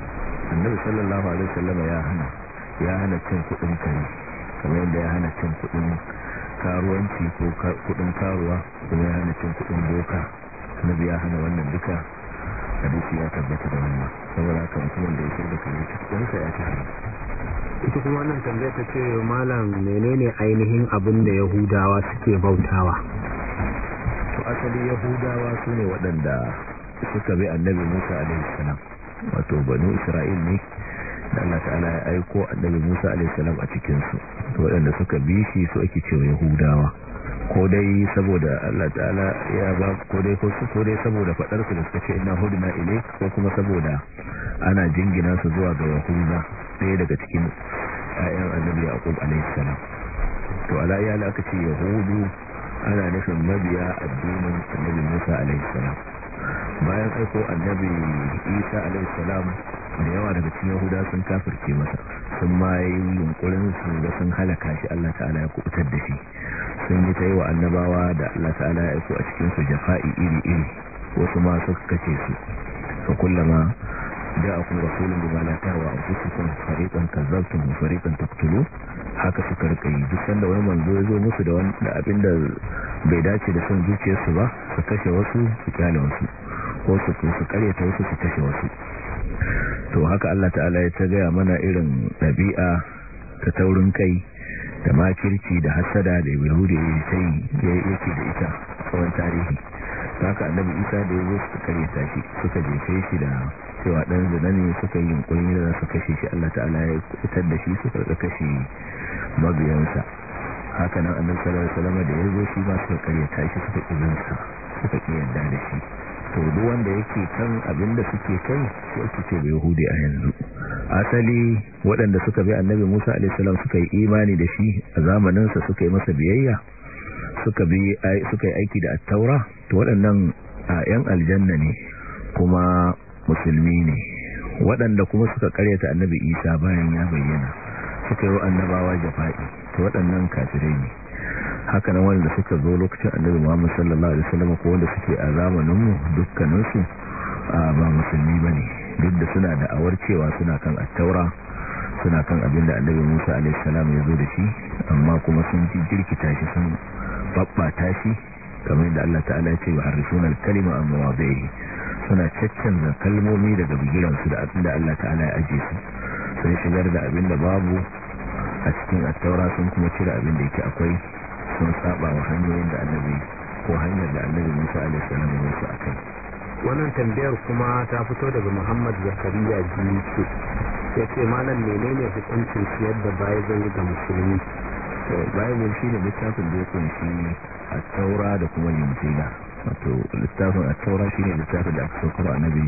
annabi sallallahu alaihi wasallam ya hana ya hana cin kuɗin kare kamar yadda ya hana cin kuɗin karuwanci ko kudin karuwa da ya hana cin kudin doka na biya hana wannan duka hadisi ya tabbata da wannan saboda haka mutumin wanda ya shirya da cikinsa ya ci ita kuma wannan tambaya ta ce malam menene ainihin abin da yahudawa suke bautawa to asali yahudawa su ne waɗanda suka bi annabi musa alaihi salam wato banu isra'il ne da Allah ta'ala ya aiko annabi Musa alayhi salam a cikin su waɗanda suka bi shi su ake cewa Yahudawa ko dai saboda Allah ta'ala ya ba ko dai ko ko dai saboda fadar su da suka ce inna hudna ilayk ko kuma saboda ana jingina su zuwa ga Yahuda ɗaya daga cikin ayyan annabi Yaqub alayhi salam to ala ya aka ce Yahudu ana nufin mabiya addinin annabi Musa alayhi salam bayan aiko annabi Isa alayhi salam da yawa daga cikin yahuda sun kafirce masa sun ma yi yunkurin su da sun halaka shi Allah ta'ala ya kubutar da shi sun yi ta yi wa annabawa da Allah ta'ala ya aiko a cikin su jafa'i iri-iri wasu ma suka kace su fa kullama aku rasulun bima a tahwa su fariqan kazzabtum wa fariqan taqtulu haka suka rika yi duk sanda wani manzo ya zo musu da wani abin da bai dace da son zuciyarsu ba su kashe wasu su kyale wasu ko su su ta wasu su kashe wasu to haka Allah ta'ala ya ta gaya mana irin ɗabi'a ta taurin kai da makirci da hasada da yau da ya ya yake da ita tsawon tarihi haka annabi isa da ya zo suka karyata shi suka jefe shi da cewa ɗan zina ne suka yi yunkurin da su kashe shi Allah ta'ala ya kutar da shi suka kashe mabiyansa haka nan annabi sallallahu alaihi wasallam da ya zo shi ba suka karyata shi suka kibinsa suka da shi to duk wanda yake kan abinda suke kai shi ake ce da yahudi a yanzu asali waɗanda suka bi annabi musa alaihissalam suka yi imani da shi a zamaninsa suka yi masa biyayya suka yi aiki da attaura to waɗannan yan aljanna ne kuma musulmi ne waɗanda kuma suka karyata annabi isa bayan ya bayyana suka yi wa annabawa jafa'i ta waɗannan kafirai ne haka nan wanda suka zo lokacin annabi Muhammad sallallahu alaihi wasallam ko wanda suke a zamanin mu dukkanin su ba musulmi bane duk da suna da awar cewa suna kan attaura suna kan abinda annabi Musa alaihi salam ya zo da shi amma kuma sun ji jirkita tashi sun babbata shi kamar da Allah ta'ala ya ce wa harifuna al-kalima an mawadhihi suna caccanza kalmomi daga su da abinda Allah ta'ala ya aje su sai shigar da abinda babu a cikin attaura sun kuma cire abinda yake akwai sun saba wa hanyoyin da annabi ko hanyar da annabi musa alaihi salam ya musu akai wannan tambayar kuma ta fito daga muhammad zakariya jiyuce ya ce malam menene hukuncin siyar da baya zai ga musulmi eh, bayan shi ne littafin da ya kunshi a taura da kuma linjila wato littafin a taura shi ne littafin da aka saukar annabi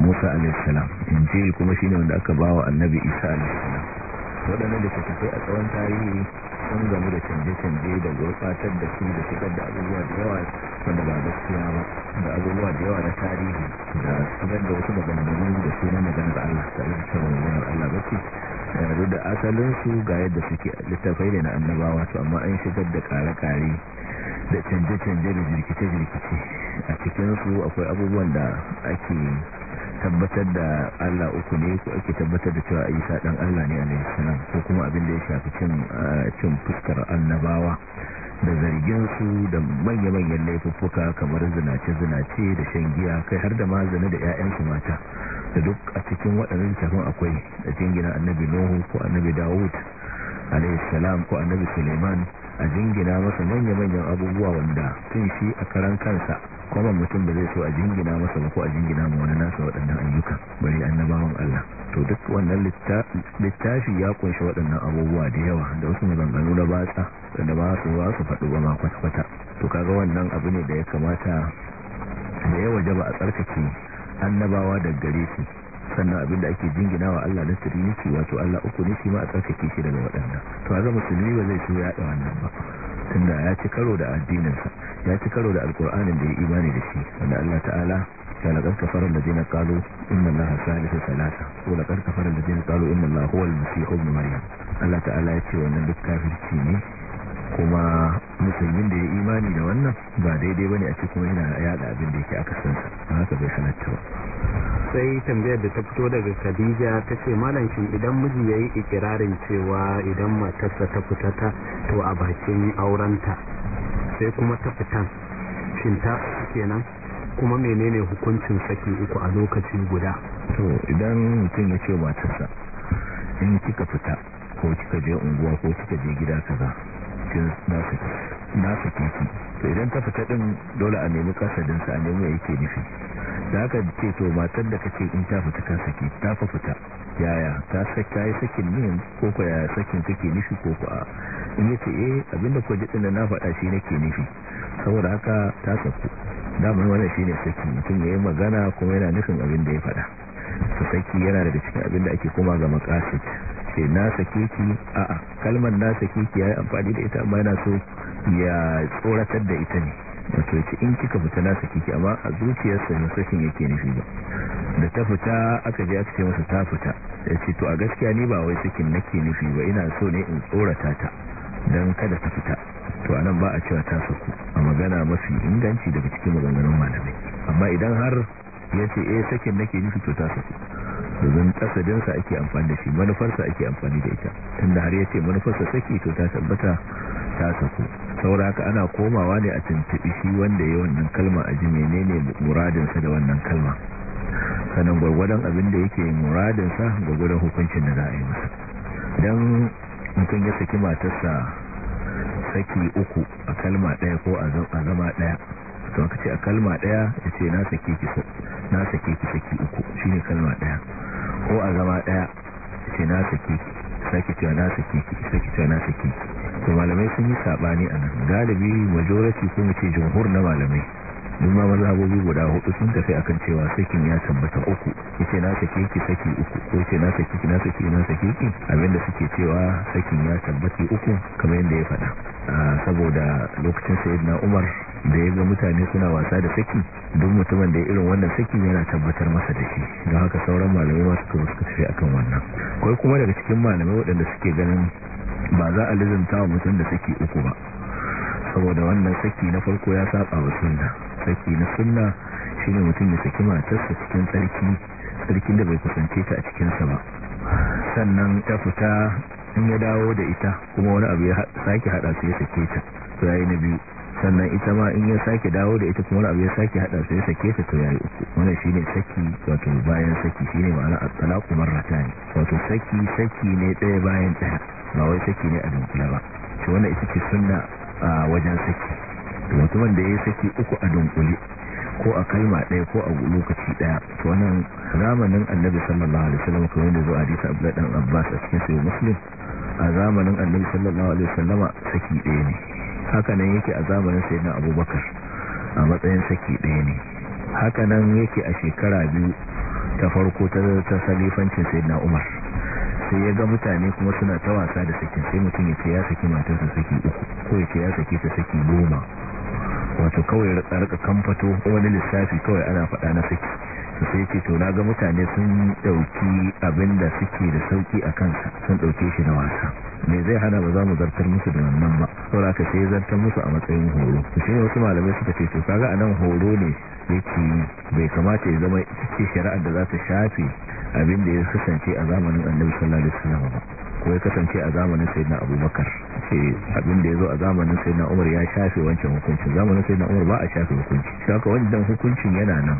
musa alaihissalam injili kuma shi ne wanda aka ba wa annabi isa alaihissalam waɗannan da a tsawon tarihi sun gamu da canje-canje da gurbatar da su da fitar da abubuwa da yawa wanda ba gaskiya ba da abubuwa da yawa na tarihi da shigar da wasu maganganu da su na maganar Allah tare da cewa maganar Allah ba ce yanzu da asalin su ga yadda suke littafai ne na annabawa to amma an shigar da kare-kare da canje-canje da jirkice-jirkice a cikin su akwai abubuwan da ake tabbatar da Allah uku ne ko ake tabbatar da cewa Isa dan Allah ne alayhi salam ko kuma abin da ya shafi cin eh, cin fuskar annabawa da zargin su da manya-manyan laifuffuka kamar zinace-zinace da shan giya kai har da ma zina da su mata da duk a cikin waɗannan tafin akwai da jingina annabi Nuhu ko annabi Dawud alaihissalam ko annabi suleiman a jingina masa manya-manyan abubuwa wanda tun shi a karan kansa kuma mutum da zai so a jingina masa ba ko a jingina ma wani nasa waɗannan ayyuka bari annabawan Allah to duk wannan littafi ya kunshi waɗannan abubuwa da yawa da wasu maganganu na batsa da ba su ba su faɗo ba ma kwata-kwata to kaga wannan abu ne da ya kamata da ya waje ba a tsarkake annabawa da gare su sannan abinda ake jinginawa wa Allah na trinity wato Allah uku ne shi ma a tsarkake shi daga waɗanda to har musulmi ba zai so ya da wannan ba tunda ya ci karo da addininsa ya ci karo da alkur'anin da ya imani da shi wanda Allah ta'ala ya laƙar kafarar da zina inna Allah salisu salasa ko laƙar kafarar da zina ƙalo inna Allah huwal masihu ibn maryam Allah ta'ala ya ce wannan duk kafirci ne kuma musulmin da ya imani da wannan ba daidai bane a ce kuma yana yada abin da yake aka san haka bai halatta ba sai tambayar da ta fito daga Khadija ta ce malam idan idan miji yayi ikirarin cewa idan matarsa ta fita ta to a bakin aurenta sai kuma ta fitan shin ta kenan kuma menene hukuncin saki uku a lokaci guda to idan mutum ya ce matarsa in kika fita ko kika je unguwa ko kika je gida kaza kin nasu titi to idan ta fita din dole a nemi kasadinsa a nemi ya yake nufi da aka ce to matar da kake in ta fita ka saki ta fa fita yaya ta ta yi sakin ne ko ku ya sakin take nufi ko ku a in yace eh abinda ku jiɗin da na faɗa shi nake nufi saboda haka ta saku damar shi ne saki mutum yi magana kuma yana nufin abinda ya faɗa to yana daga cikin abin da ake koma ga makasit ce na sake ki a'a kalmar na sake ki yi amfani da ita amma yana so ya tsoratar da ita ne wato ce in kika fita na sake ki amma a zuciyarsa ne sakin yake nufi ba da ta fita aka je aka ce masa ta fita ya ce to a gaskiya ni ba wai sakin nake nufi ba ina so ne in tsorata ta don kada ta fita to anan ba a cewa ta saku a magana mafi inganci daga cikin maganganun malamai amma idan har yace eh sakin nake nufi to ta saku domin kasadinsa ake amfani da shi manufarsa ake amfani da ita tunda har yace manufarsa saki to ta tabbata ta saku saura ka ana komawa ne a tuntubi shi wanda ya wannan kalma a ji menene muradinsa da wannan kalma sanan gwargwadon abin da yake muradinsa gwargwadon hukuncin da za a yi masa don mutum ya saki matarsa saki uku a kalma ɗaya ko a zama ɗaya to aka ce a kalma ɗaya ya ce na sake ki saki uku shi ne kalma ɗaya ko a zama daya ce na saki saki cewa na saki saki cewa na saki to malamai sun yi sabani a nan galibi majority ko mu ce jumhur na malamai duk ma mazhabobi guda hudu sun tafi akan cewa sakin ya tabbata uku yace na saki ki saki uku ko yace na saki ki na saki na saki ki abinda suke cewa sakin ya tabbata uku kamar yadda ya faɗa ah, saboda lokacin sayyidina Umar da ya ga mutane suna wasa da saki duk mutumin da ya irin wannan saki yana tabbatar masa da shi don haka sauran malamai masu kuma suka tafi akan wannan kai kuma daga cikin malamai waɗanda suke ganin ba za a lizanta wa mutum da saki uku ba saboda wannan saki na farko ya saba wa sunna saki na sunna ne mutum ya saki matarsa cikin tsarki tsarkin da bai kusance ta a cikinsa ba sannan ta fita in ya dawo da ita kuma wani abu ya sake hada su ya sake ta to yayi na biyu sannan ita ma in ya sake dawo da ita kuma abu ya sake hada su ya sake ta to yayi uku shi shine saki wato bayan saki shine ma'ana kuma rata ne wato saki saki ne daya bayan daya ba wai saki ne a dunkula ba to wannan ita ce suna a wajen saki mutumin da ya yi saki uku a dunkule ko a kalma ɗaya ko a lokaci daya to wannan zamanin annabi sallallahu alaihi wasallam ko wanda zo hadisi abdullahi dan abbas a cikin sahih muslim a zamanin annabi sallallahu alaihi wasallama saki ɗaya ne hakanan yake a zamanin na abubakar a matsayin saki ɗaya ne hakanan yake a shekara biyu ta farko ta salifancin na umar sai ya ga mutane kuma suna ta wasa da sakin sai mutum ya ce ya saki matarsa saki uku ko ya ce ya saki ta saki goma wato kawai rika kamfato wani lissafi kawai ana faɗa na saki su sai ce to na ga mutane sun ɗauki abin da suke da sauki a kansa sun ɗauke shi na wasa me zai hana ba za mu zartar musu da wannan ba saboda ka sai zartar musu a matsayin horo shi wasu malamai suka ce su kaga anan horo ne yake bai kamata ya zama cikin shari'ar da za ta shafi abin da ya kasance a zamanin annabi sallallahu alaihi ba ko ya kasance a zamanin sayyidina abubakar ce abin da ya zo a zamanin sayyidina umar ya shafe wancan hukunci zamanin sayyidina umar ba a shafe hukunci shi haka wannan hukuncin yana nan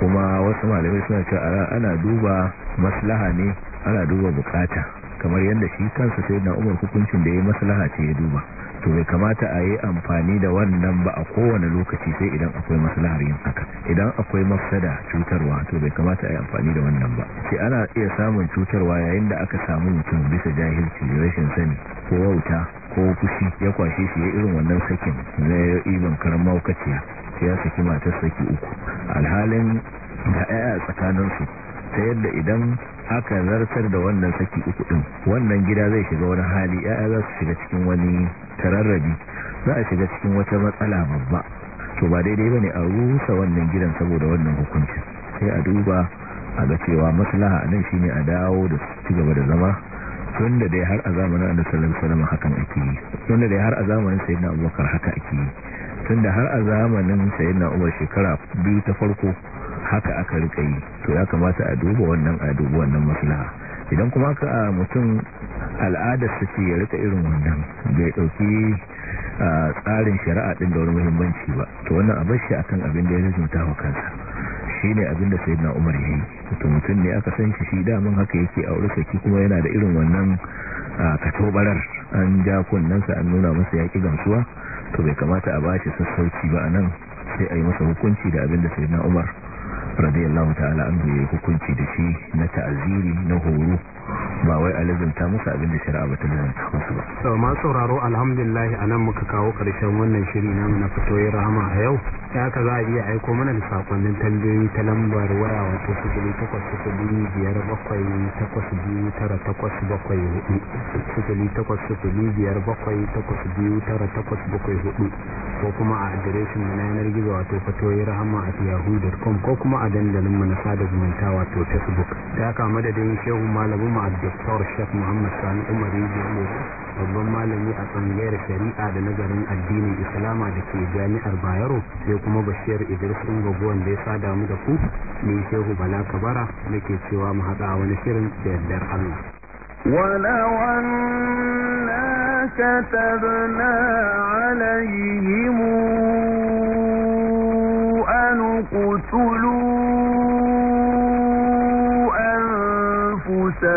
kuma wasu malamai suna cewa ana duba maslaha ne ana duba bukata kamar yadda shi kansa sai na umar hukuncin da ya maslaha ce ya duba to bai kamata a yi amfani da wannan ba a kowane lokaci sai idan akwai maslahar yin haka idan akwai mafsada cutarwa to bai kamata a yi amfani da wannan ba sai ana iya samun cutarwa yayin da aka samu mutum bisa jahilci rashin sani ko wauta ko kushi ya kwashe shi ya irin wannan sakin na ban karan maukaciya ya saki matar saki uku alhalin da 'ya'ya tsakaninsu ta yadda idan aka zartar da wannan saki uku din wannan gida zai shiga wani hali ya'ya za su shiga cikin wani tararrabi za a shiga cikin wata matsala babba to ba daidai ba ne a rusa wannan gidan saboda wannan hukuncin sai a duba a ga cewa maslaha a nan shine a dawo da ci gaba da zama tun da dai har a zamanin annabi sallallahu alaihi hakan ake yi tun da dai har a zamanin sayyidina abubakar haka ake yi tun da har a zamanin sayyidina umar shekara biyu ta farko haka aka rika yi to ya kamata a duba wannan a duba wannan maslaha idan kuma ka mutum al'adar su ce ya rika irin wannan bai dauki tsarin shari'a ɗin da wani muhimmanci ba to wannan a bashi akan abin da ya rizunta wa kansa ne abin da na Umar ya yi to mutum ne aka san shi shi daman haka yake aure saki kuma yana da irin wannan a katobarar an ja kunnansa an nuna masa yaƙi gamsuwa to bai kamata a bashi sassauci ba a nan sai a yi masa hukunci da abin da na Umar radiyallahu ta'ala anhu ya hukunci da shi na ta'aziri na horo ba wai a lazimta musu abin da shari'a ba ta lazimta musu ba sau ma sauraro alhamdulillah a nan muka kawo ƙarshen wannan shiri namu na fito ya rahama a yau ya ka za a iya aiko mana da sakonnin tambayoyi ta lambar waya wato sufuri takwas sufuri biyar bakwai takwas biyu tara takwas bakwai hudu sufuri takwas sufuri biyar bakwai takwas biyu tara takwas bakwai hudu ko kuma a adireshin mu na yanar gizo wato fito ya rahama a yahoo.com ko kuma a dandalin mu sada zumunta wato facebook ta da madadin shehu malamin mu الدكتور الشيخ محمد سامي عمر يجي عمر ربما ما لم يأتن غير شريعة بنظر الدين الإسلامي دكي جامع البايرو يقوم بشير إدريس انغبوان ليسا دامدكو من شيخ بلا كبارة لكي سوى مهدا ونشير بيدر الله ولو أننا كتبنا عليهم أن قتلوا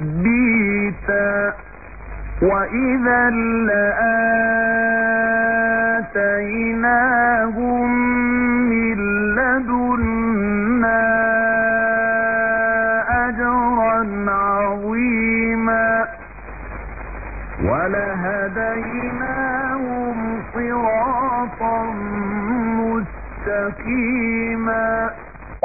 تثبيتا وإذا لآتيناهم من لدن